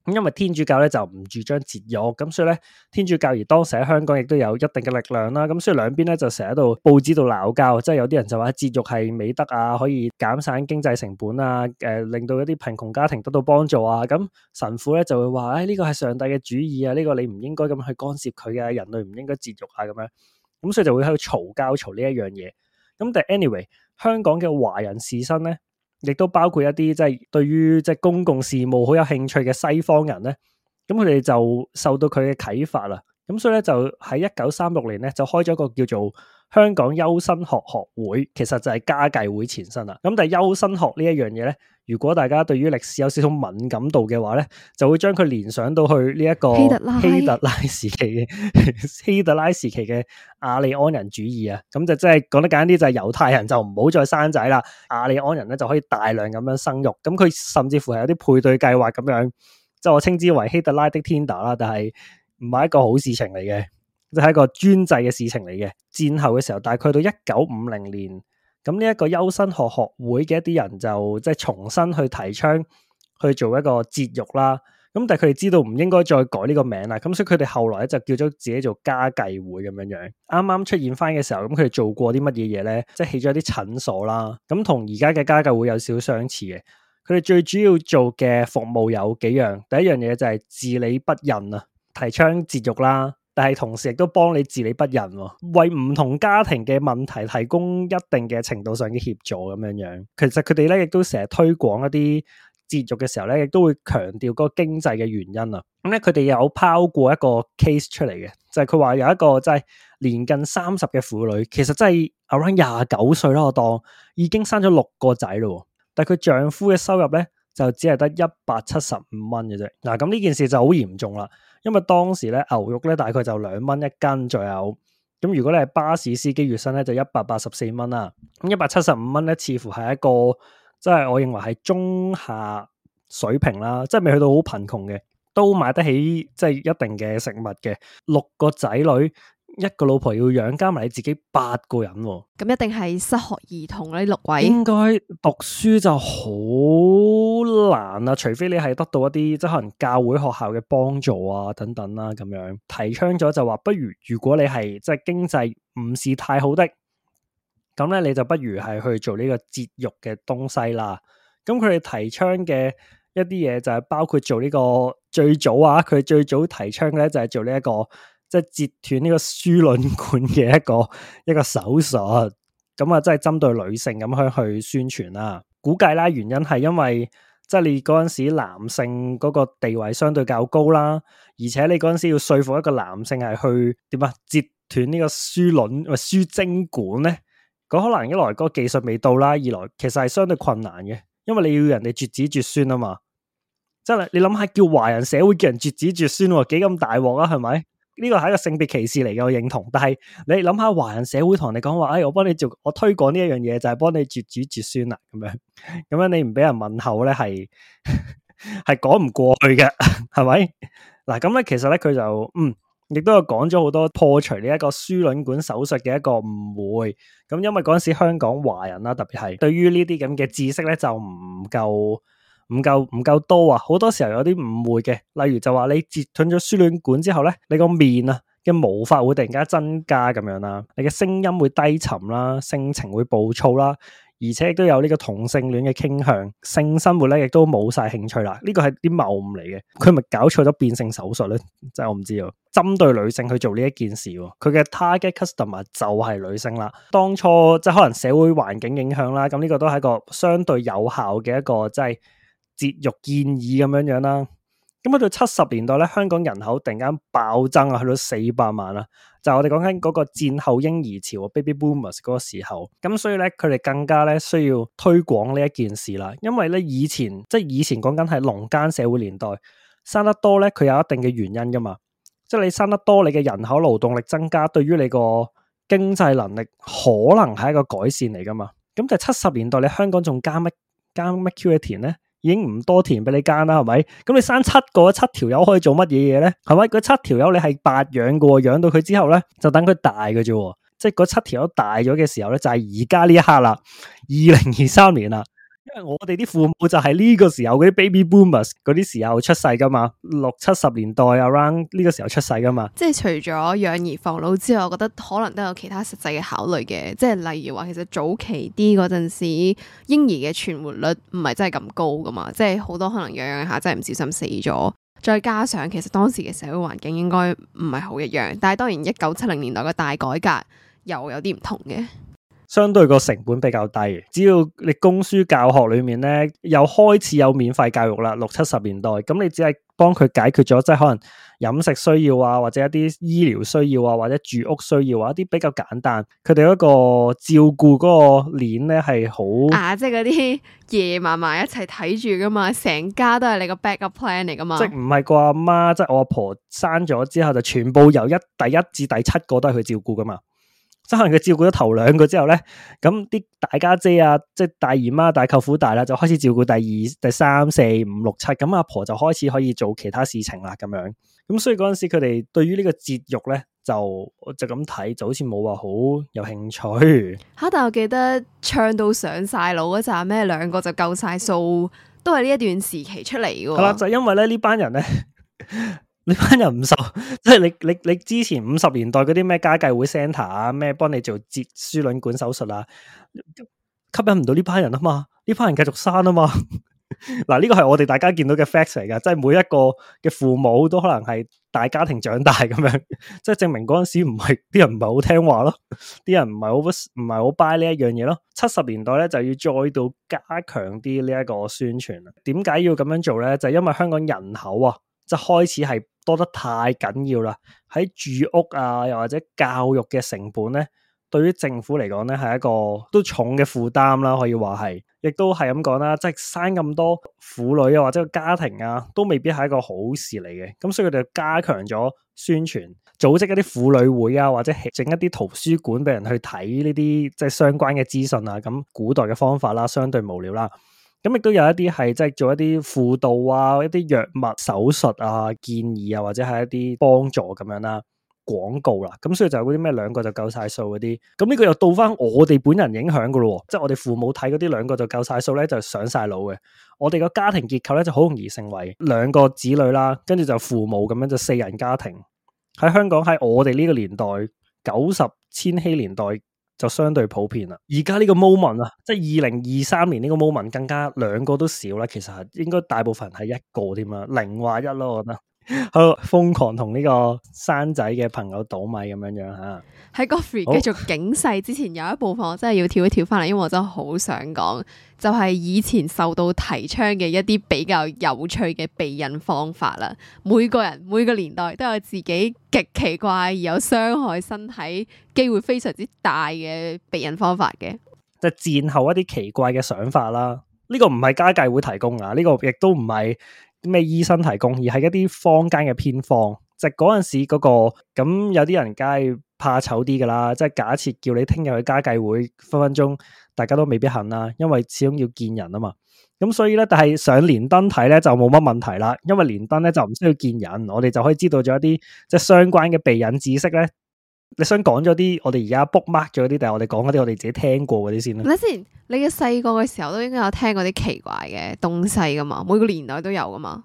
因為天主教咧就唔主張節育，咁所以咧天主教而當時喺香港亦都有一定嘅力量啦。咁所以兩邊咧就成日喺度報紙度鬧交，即係有啲人就話節育係美德啊，可以減省經濟成本啊，誒、呃、令到一啲貧窮家庭得到幫助啊。咁神父咧就會話：誒、哎、呢、這個係上帝嘅主意啊，呢、這個你唔應該咁去干涉佢嘅、啊、人類唔應該節育啊咁樣。咁所以就會喺度嘈交嘈呢一樣嘢。咁但係 anyway，香港嘅華人士紳咧。亦都包括一啲即係對於即係、就是、公共事務好有興趣嘅西方人咧，咁佢哋就受到佢嘅啟發啦，咁所以咧就喺一九三六年咧就開咗個叫做香港優生學學會，其實就係家計會前身啦。咁但係優生學一呢一樣嘢咧。如果大家對於歷史有少少敏感度嘅話咧，就會將佢聯想到去呢一個希特拉，希特拉時期嘅希特拉時期嘅亞利安人主義啊，咁就即係講得簡單啲就係猶太人就唔好再生仔啦，亞利安人咧就可以大量咁樣生育，咁佢甚至乎係有啲配對計劃咁樣，即係我稱之爲希特拉的 Tinder 啦，但係唔係一個好事情嚟嘅，即係一個專制嘅事情嚟嘅。戰後嘅時候，大概到一九五零年。咁呢一個優生學學會嘅一啲人就即係重新去提倡去做一個節育啦，咁但係佢哋知道唔應該再改呢個名啦，咁所以佢哋後來咧就叫咗自己做家計會咁樣樣。啱啱出現翻嘅時候，咁佢哋做過啲乜嘢嘢咧？即係起咗一啲診所啦，咁同而家嘅家計會有少少相似嘅。佢哋最主要做嘅服務有幾樣，第一樣嘢就係治理不孕啊，提倡節育啦。但係同時亦都幫你治理不仁，啊，為唔同家庭嘅問題提供一定嘅程度上嘅協助咁樣樣。其實佢哋咧亦都成日推廣一啲節育嘅時候咧，亦都會強調嗰個經濟嘅原因啊。咁咧佢哋有拋過一個 case 出嚟嘅，就係佢話有一個真係年近三十嘅婦女，其實真係 around 廿九歲啦，我當已經生咗六個仔啦。但係佢丈夫嘅收入咧就只係得一百七十五蚊嘅啫。嗱、啊，咁呢件事就好嚴重啦。因為當時咧牛肉咧大概就兩蚊一斤左右，咁如果你係巴士司機月薪咧就一百八十四蚊啦，咁一百七十五蚊咧似乎係一個即係我認為係中下水平啦，即係未去到好貧窮嘅，都買得起即係一定嘅食物嘅。六個仔女一個老婆要養，加埋你自己八個人，咁一定係失學兒童呢六位，應該讀書就好。難啊，除非你係得到一啲即係可能教會學校嘅幫助啊，等等啦、啊，咁樣提倡咗就話，不如如果你係即係經濟唔是太好的，咁咧你就不如係去做呢個節育嘅東西啦。咁佢哋提倡嘅一啲嘢就係包括做呢個最早啊，佢最早提倡嘅咧就係做呢、這個就是、一個即係截斷呢個輸卵管嘅一個一個手術。咁啊，即係針對女性咁樣去宣傳啦、啊。估計啦，原因係因為。即係你嗰陣時男性嗰個地位相對較高啦，而且你嗰陣時要說服一個男性係去點啊，截斷呢個輸卵管、輸精管咧，咁可能一來個技術未到啦，二來其實係相對困難嘅，因為你要人哋絕子絕孫啊嘛，真係你諗下叫華人社會叫人絕子絕孫，幾咁大鑊啊，係咪？呢個係一個性別歧視嚟嘅，我認同。但係你諗下，華人社會同你講話，哎，我幫你做，我推廣呢一樣嘢就係幫你絕子絕，絕孫啦，咁樣，咁樣，樣你唔俾人問候咧，係係講唔過去嘅，係咪？嗱，咁咧其實咧佢就嗯，亦都有講咗好多破除呢一個輸卵管手術嘅一個誤會。咁因為嗰陣時香港華人啦，特別係對於呢啲咁嘅知識咧，就唔夠。唔夠唔夠多啊！好多時候有啲誤會嘅，例如就話你截斷咗輸卵管之後咧，你個面啊嘅毛發會突然間增加咁樣啦、啊，你嘅聲音會低沉啦、啊，性情會暴躁啦、啊，而且亦都有呢個同性戀嘅傾向，性生活咧亦都冇晒興趣啦。呢個係啲謬誤嚟嘅，佢咪搞錯咗變性手術咧？即係我唔知啊，針對女性去做呢一件事、啊，佢嘅 target customer 就係女性啦。當初即係可能社會環境影響啦，咁、這、呢個都係一個相對有效嘅一個即係。節育建議咁樣樣啦，咁去到七十年代咧，香港人口突然間爆增啊，去到四百萬啦，就係、我哋講緊嗰個戰後嬰兒潮 （baby boomers） 嗰個時候，咁所以咧佢哋更加咧需要推廣呢一件事啦，因為咧以前即係以前講緊係農耕社會年代生得多咧，佢有一定嘅原因噶嘛，即係你生得多，你嘅人口勞動力增加，對於你個經濟能力可能係一個改善嚟噶嘛，咁就係七十年代你香港仲加乜加乜 quality 咧？已經唔多田俾你耕啦，係咪？咁你生七個七條友可以做乜嘢嘢咧？係咪？嗰七條友你係白養噶，養到佢之後咧，就等佢大嘅啫。即係嗰七條友大咗嘅時候咧，就係而家呢一刻啦，二零二三年啦。因為我哋啲父母就係呢個時候嗰啲 baby boomers 嗰啲時候出世噶嘛，六七十年代 around 呢個時候出世噶嘛。即係除咗養兒防老之外，我覺得可能都有其他實際嘅考慮嘅，即係例如話，其實早期啲嗰陣時嬰兒嘅存活率唔係真係咁高噶嘛，即係好多可能養養下真係唔小心死咗。再加上其實當時嘅社會環境應該唔係好一樣，但係當然一九七零年代嘅大改革又有啲唔同嘅。相對個成本比較低，只要你供書教學裏面咧，又開始有免費教育啦，六七十年代，咁你只係幫佢解決咗，即係可能飲食需要啊，或者一啲醫療需要啊，或者住屋需要啊，一啲比較簡單，佢哋嗰個照顧嗰個鏈咧係好啊，即係嗰啲爺爺嫲嫲一齊睇住噶嘛，成家都係你個 backup plan 嚟噶嘛。即係唔係個阿媽，即係我阿婆生咗之後就全部由一第一至第七個都係佢照顧噶嘛。即係佢照顧咗頭兩個之後咧，咁啲大家姐啊，即係大姨媽、大舅父大啦，就開始照顧第二、第三、四、五、六、七，咁阿婆，婆就開始可以做其他事情啦，咁樣。咁所以嗰陣時佢哋對於呢個節育咧，就我就咁睇，就好似冇話好有興趣。吓、啊，但我記得唱到上晒腦嗰陣，咩兩個就夠晒數，都係呢一段時期出嚟嘅。係啦，就因為咧呢班人咧。 [LAUGHS] 呢班人唔受，即係你你你之前五十年代嗰啲咩家計會 centre 啊，咩幫你做節輸卵管手術啊，吸引唔到呢班人啊嘛，呢班人繼續生啊嘛。嗱 [LAUGHS] 呢、呢個係我哋大家見到嘅 facts 嚟噶，即係每一個嘅父母都可能係大家庭長大咁樣，即係證明嗰陣時唔係啲人唔係好聽話咯，啲人唔係好唔係好 buy 呢一樣嘢咯。七十年代咧就要再度加強啲呢一個宣傳，點解要咁樣做咧？就係、因為香港人口啊。即係開始係多得太緊要啦，喺住屋啊，又或者教育嘅成本咧，對於政府嚟講咧係一個都重嘅負擔啦，可以話係，亦都係咁講啦，即係生咁多婦女啊，或者個家庭啊，都未必係一個好事嚟嘅。咁所以佢哋加強咗宣傳，組織一啲婦女會啊，或者整一啲圖書館俾人去睇呢啲即係相關嘅資訊啊，咁古代嘅方法啦，相對無聊啦。咁亦都有一啲係即係做一啲輔導啊，一啲藥物、手術啊、建議啊，或者係一啲幫助咁樣啦、啊，廣告啦、啊。咁所以就有嗰啲咩兩個就夠晒數嗰啲，咁呢個又到翻我哋本人影響嘅咯。即係我哋父母睇嗰啲兩個就夠晒數咧，就是、上晒腦嘅。我哋個家庭結構咧就好容易成為兩個子女啦，跟住就父母咁樣就四人家庭。喺香港喺我哋呢個年代，九十千禧年代。就相對普遍啦。而家呢個 moment 啊，即係二零二三年呢個 moment 更加兩個都少啦。其實應該大部分係一個添啦，零或一咯，我覺得。好瘋 [LAUGHS] 狂同呢個生仔嘅朋友倒米咁樣樣吓，喺 Godfrey 繼續警世之前有一部分我真係要跳一跳翻嚟，因為我真係好想講，就係以前受到提倡嘅一啲比較有趣嘅避孕方法啦。每個人每個年代都有自己極奇怪而有傷害身體機會非常之大嘅避孕方法嘅，就戰後一啲奇怪嘅想法啦。呢、這個唔係家計會提供啊，呢、這個亦都唔係。咩醫生提供，而係一啲坊間嘅偏方。即係嗰陣時嗰個，咁有啲人梗係怕醜啲噶啦。即係假設叫你聽日去家計會，分分鐘大家都未必肯啦，因為始終要見人啊嘛。咁所以咧，但係上連登睇咧就冇乜問題啦，因為連登咧就唔需要見人，我哋就可以知道咗一啲即係相關嘅避孕知識咧。你想講咗啲我哋而家 book mark 咗啲，定係我哋講嗰啲我哋自己聽過嗰啲先啦。咁咧先，你嘅細個嘅時候都應該有聽過啲奇怪嘅東西噶嘛，每個年代都有噶嘛。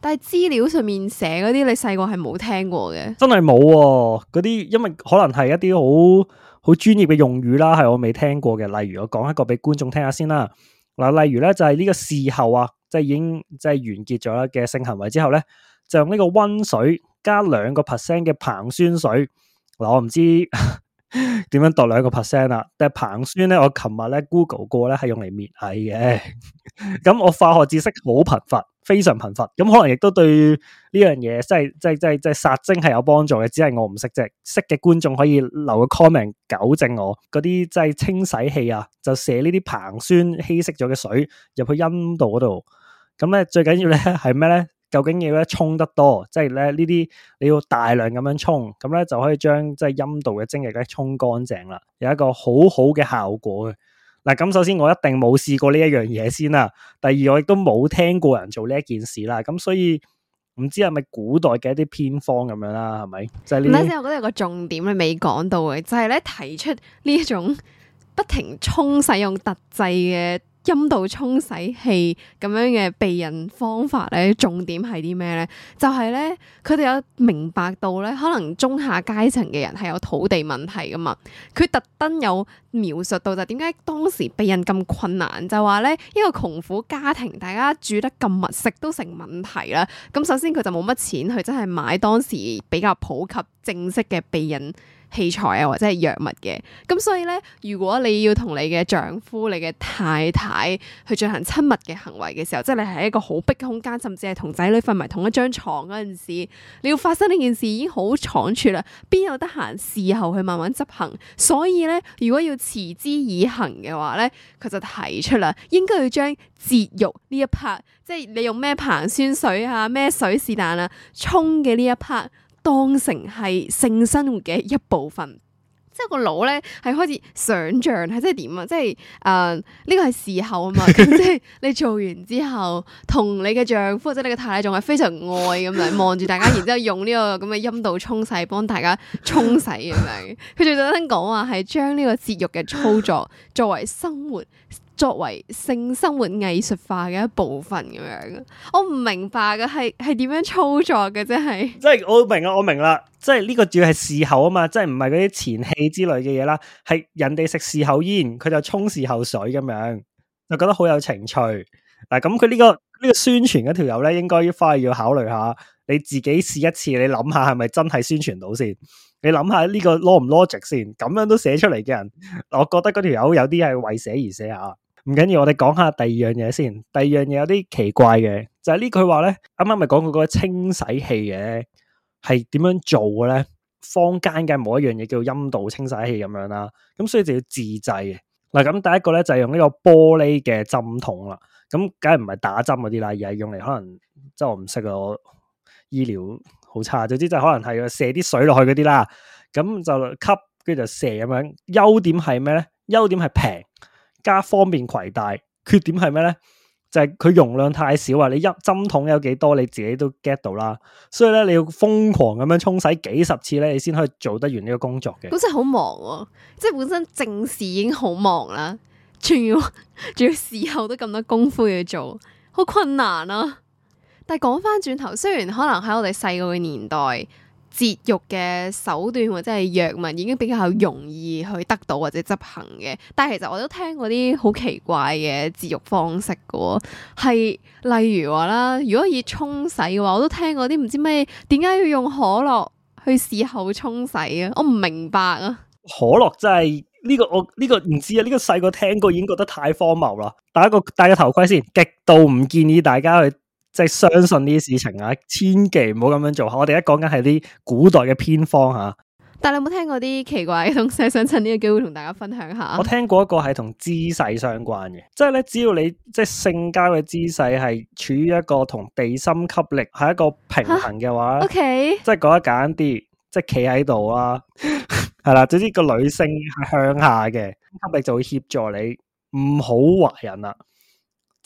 但係資料上面寫嗰啲，你細個係冇聽過嘅，真係冇喎。嗰啲因為可能係一啲好好專業嘅用語啦，係我未聽過嘅。例如我講一個俾觀眾聽下先啦。嗱，例如咧就係呢個事後啊，即係已經即係完結咗啦嘅性行為之後咧，就用呢個温水加兩個 percent 嘅硼酸水。嗱，我唔知點樣度兩個 percent 啦。但係硼酸咧，我琴日咧 Google 過咧，係用嚟滅蟻嘅。咁我化學知識好貧乏，非常貧乏。咁可能亦都對呢樣嘢，即係即係即係即係殺精係有幫助嘅。只係我唔識啫。識嘅觀眾可以留個 comment 糾正我。嗰啲即係清洗器啊，就射呢啲硼酸稀釋咗嘅水入去陰道嗰度。咁咧最緊要咧係咩咧？究竟要咧沖得多，即係咧呢啲你要大量咁樣沖，咁咧就可以將即係陰道嘅精液咧沖乾淨啦，有一個好好嘅效果嘅。嗱，咁首先我一定冇試過呢一樣嘢先啦，第二我亦都冇聽過人做呢一件事啦，咁所以唔知係咪古代嘅一啲偏方咁樣啦，係咪？就係，等等先，我覺得有個重點你未講到嘅，就係、是、咧提出呢一種不停沖使用特製嘅。陰道沖洗器咁樣嘅避孕方法咧，重點係啲咩咧？就係咧，佢哋有明白到咧，可能中下階層嘅人係有土地問題噶嘛。佢特登有描述到就點解當時避孕咁困難，就話咧，一個窮苦家庭大家住得咁密，食都成問題啦。咁首先佢就冇乜錢去真係買當時比較普及正式嘅避孕。器材啊，或者係藥物嘅，咁所以咧，如果你要同你嘅丈夫、你嘅太太去進行親密嘅行為嘅時候，即係你係一個好逼空間，甚至係同仔女瞓埋同一張床嗰陣時，你要發生呢件事已經好倉促啦，邊有得閒事後去慢慢執行？所以咧，如果要持之以恆嘅話咧，佢就提出啦，應該要將節育呢一 part，即係你用咩硼酸水啊、咩水是但啊、沖嘅呢一 part。當成係性生活嘅一部分，即係個腦咧係開始想象，係即係點啊？即係誒，呢個係事後啊嘛， [LAUGHS] 即係你做完之後，同你嘅丈夫或者你嘅太太仲係非常愛咁樣望住大家，然之後用呢個咁嘅陰道沖洗，幫大家沖洗咁樣。佢仲特登講話係將呢個節育嘅操作作為生活，作為性生活藝術化嘅一部分咁樣，我唔明白嘅係係點樣操作嘅，即係即係我明啊，我明啦，即係呢個主要係事後啊嘛，即係唔係嗰啲前戲之類嘅嘢啦，係人哋食事後煙，佢就沖事後水咁樣，就覺得好有情趣。嗱、啊，咁佢呢個呢個呢個宣傳嗰條友咧，應該翻去要考慮下，你自己試一次，你諗下係咪真係宣傳到先？你諗下呢個 logic 唔 logic 先？咁樣都寫出嚟嘅人，我覺得嗰條友有啲係為寫而寫啊。唔緊要，我哋講下第二樣嘢先。第二樣嘢有啲奇怪嘅，就係呢句話咧。啱啱咪講過嗰個清洗器嘅係點樣做嘅咧？坊間梗係冇一樣嘢叫陰道清洗器咁樣啦。咁所以就要自製嘅。嗱，咁第一個咧就係用呢個玻璃嘅針筒啦。咁梗係唔係打針嗰啲啦，而係用嚟可能即係我唔識啊，我醫療好差，總之就可能係射啲水落去嗰啲啦。咁就吸，跟住就射咁樣。優點係咩咧？優點係平。加方便攜帶，缺點係咩咧？就係、是、佢容量太少啊！你一針筒有幾多，你自己都 get 到啦。所以咧，你要瘋狂咁樣沖洗幾十次咧，你先可以做得完呢個工作嘅。咁真係好忙、啊，即係本身正事已經好忙啦，仲要仲要事後都咁多功夫要做，好困難啦、啊。但係講翻轉頭，雖然可能喺我哋細個嘅年代。節育嘅手段或者係藥物已經比較容易去得到或者執行嘅，但係其實我都聽過啲好奇怪嘅節育方式㗎喎、哦，係例如話啦，如果以沖洗嘅話，我都聽過啲唔知咩點解要用可樂去事後沖洗啊，我唔明白啊！可樂，真係呢個我呢個唔知啊，呢個細個聽過已經覺得太荒謬啦。戴個戴個頭盔先，極度唔建議大家去。即係相信呢啲事情啊，千祈唔好咁樣做。我哋而家講緊係啲古代嘅偏方吓，啊。但係你有冇聽過啲奇怪嘅東西？想趁呢個機會同大家分享下。我聽過一個係同姿勢相關嘅，即係咧，只要你即係性交嘅姿勢係處於一個同地心吸力係一個平衡嘅話，okay？即係講得簡單啲，即係企喺度啊，係 [LAUGHS] 啦，總之個女性向下嘅吸力就會協助你唔好懷孕啦。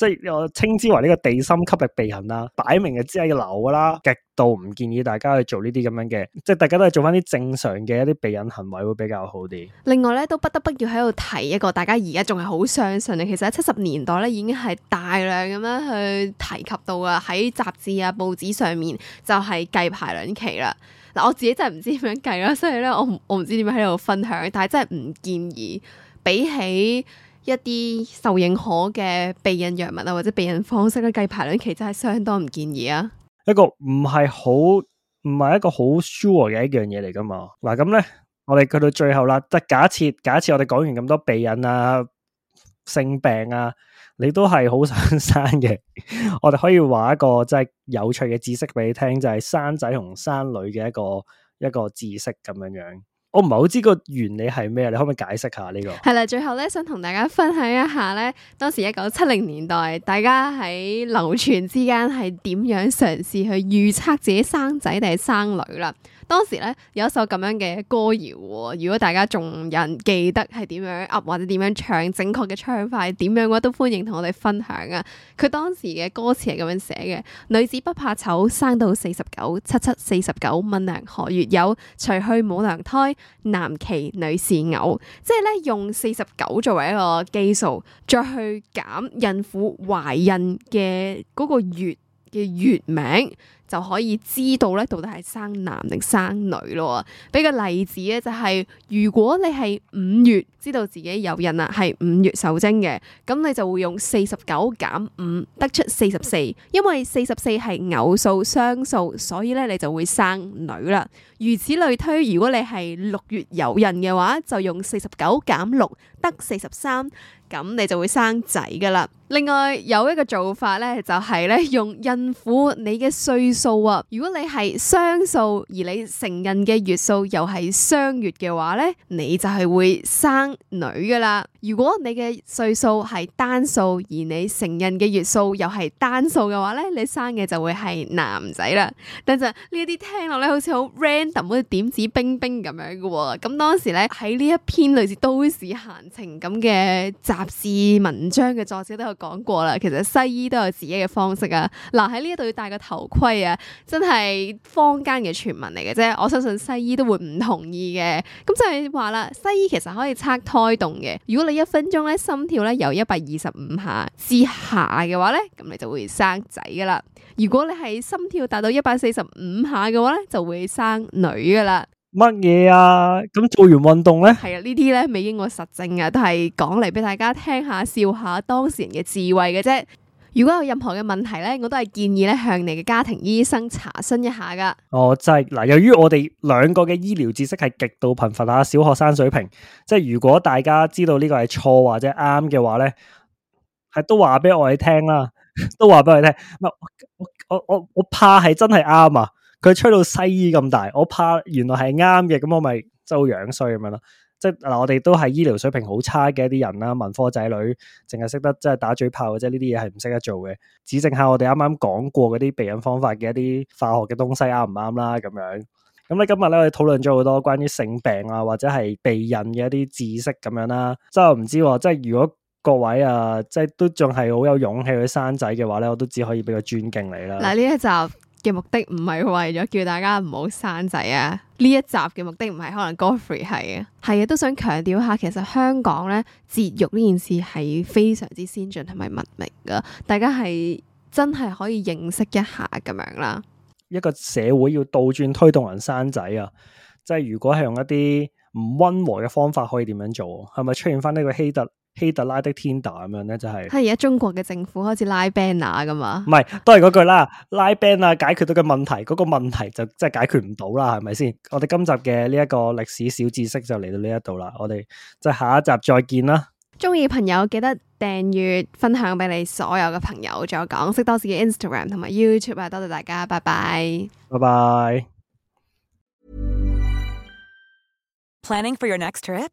即係我稱之為呢個地心吸力避孕啦，擺明就只係流啦，極度唔建議大家去做呢啲咁樣嘅，即係大家都係做翻啲正常嘅一啲避孕行為會比較好啲。另外咧，都不得不要喺度提一個，大家而家仲係好相信嘅，其實喺七十年代咧已經係大量咁樣去提及到嘅喺雜誌啊、報紙上面就係計排卵期啦。嗱，我自己真係唔知點樣計啦，所以咧我我唔知點樣喺度分享，但係真係唔建議。比起一啲受認可嘅避孕藥物啊，或者避孕方式嘅，啊、計排卵期真係相當唔建議啊！一個唔係好唔係一個好 sure 嘅一樣嘢嚟噶嘛？嗱咁咧，我哋去到最後啦，即係假設假設我哋講完咁多避孕啊、性病啊，你都係好想生嘅， [LAUGHS] 我哋可以話一個即係有趣嘅知識俾你聽，就係、是、生仔同生女嘅一個一個知識咁樣樣。我唔係好知個原理係咩，你可唔可以解釋下呢、這個？係啦，最後咧想同大家分享一下咧，當時一九七零年代，大家喺流傳之間係點樣嘗試去預測自己生仔定係生女啦。當時咧有一首咁樣嘅歌謠喎，如果大家仲有人記得係點樣噏或者點樣唱正確嘅唱法係點樣嘅話，都歡迎同我哋分享啊！佢當時嘅歌詞係咁樣寫嘅：女子不怕醜，生到四十九，七七四十九，問娘何月有？除去冇娘胎，男奇女士偶，即係咧用四十九作為一個基數，再去減孕婦懷孕嘅嗰個月嘅月名。就可以知道咧，到底係生男定生女咯。俾個例子咧，就是，就係如果你係五月知道自己有孕啦，係五月受精嘅，咁你就會用四十九減五，5，得出四十四。因為四十四係偶數、雙數，所以咧你就會生女啦。如此類推，如果你係六月有孕嘅話，就用四十九減六，6，得四十三，咁你就會生仔噶啦。另外有一個做法咧，就係咧用孕婦你嘅歲數。數啊！如果你係雙數，而你成人嘅月數又係雙月嘅話咧，你就係會生女噶啦。如果你嘅歲數係單數，而你成人嘅月數又係單數嘅話咧，你生嘅就會係男仔啦。等陣呢一啲聽落咧，好似好 random 好似點指兵兵咁樣嘅喎、哦。咁當時咧喺呢一篇類似都市閒情咁嘅雜誌文章嘅作者都有講過啦。其實西醫都有自己嘅方式啊。嗱喺呢一度要戴個頭盔啊，真係坊間嘅傳聞嚟嘅啫。我相信西醫都會唔同意嘅。咁即係話啦，西醫其實可以測胎動嘅。如果你一分鐘咧，心跳咧有一百二十五下之下嘅話咧，咁你就會生仔噶啦。如果你係心跳達到一百四十五下嘅話咧，就會生女噶啦。乜嘢啊？咁做完運動咧？係啊，呢啲咧未經過實證啊，都係講嚟俾大家聽下笑下當事人嘅智慧嘅啫。如果有任何嘅問題咧，我都係建議咧向你嘅家庭醫生查詢一下噶。哦，即係嗱，由於我哋兩個嘅醫療知識係極度貧乏吓，小學生水平，即係如果大家知道呢個係錯或者啱嘅話咧，係都話俾我哋聽啦，都話俾我哋聽。唔係我我我我，我怕係真係啱啊！佢吹到西醫咁大，我怕原來係啱嘅，咁我咪就，就衰樣衰咁樣咯。即係嗱，我哋都係醫療水平好差嘅一啲人啦，文科仔女淨係識得即係打嘴炮嘅啫，呢啲嘢係唔識得做嘅。指正下我哋啱啱講過嗰啲避孕方法嘅一啲化學嘅東西啱唔啱啦？咁樣咁咧、嗯，今日咧我哋討論咗好多關於性病啊或者係避孕嘅一啲知識咁樣啦、啊。即係唔知即係如果各位啊，即係都仲係好有勇氣去生仔嘅話咧，我都只可以比較尊敬你啦。嗱呢一集嘅目的唔係為咗叫大家唔好生仔啊！呢一集嘅目的唔係，可能 Godfrey 係啊，係啊，都想強調一下，其實香港咧節育呢件事係非常之先進同埋文明噶，大家係真係可以認識一下咁樣啦。一個社會要倒轉推動人生仔啊，即係如果係用一啲唔溫和嘅方法，可以點樣做？係咪出現翻呢個希特？希特拉的天打咁樣咧，就係。係而家中國嘅政府開始拉 banner 噶嘛？唔係， [LAUGHS] 都係嗰句啦，拉 banner 解決到嘅問題，嗰、嗰個問題就即係解決唔到啦，係咪先？我哋今集嘅呢一個歷史小知識就嚟到呢一度啦，我哋就下一集再見啦。中意嘅朋友記得訂閱、分享俾你所有嘅朋友，仲有港識多史嘅 Instagram 同埋 YouTube 啊！多謝大家，拜拜，拜拜。Planning for your next trip?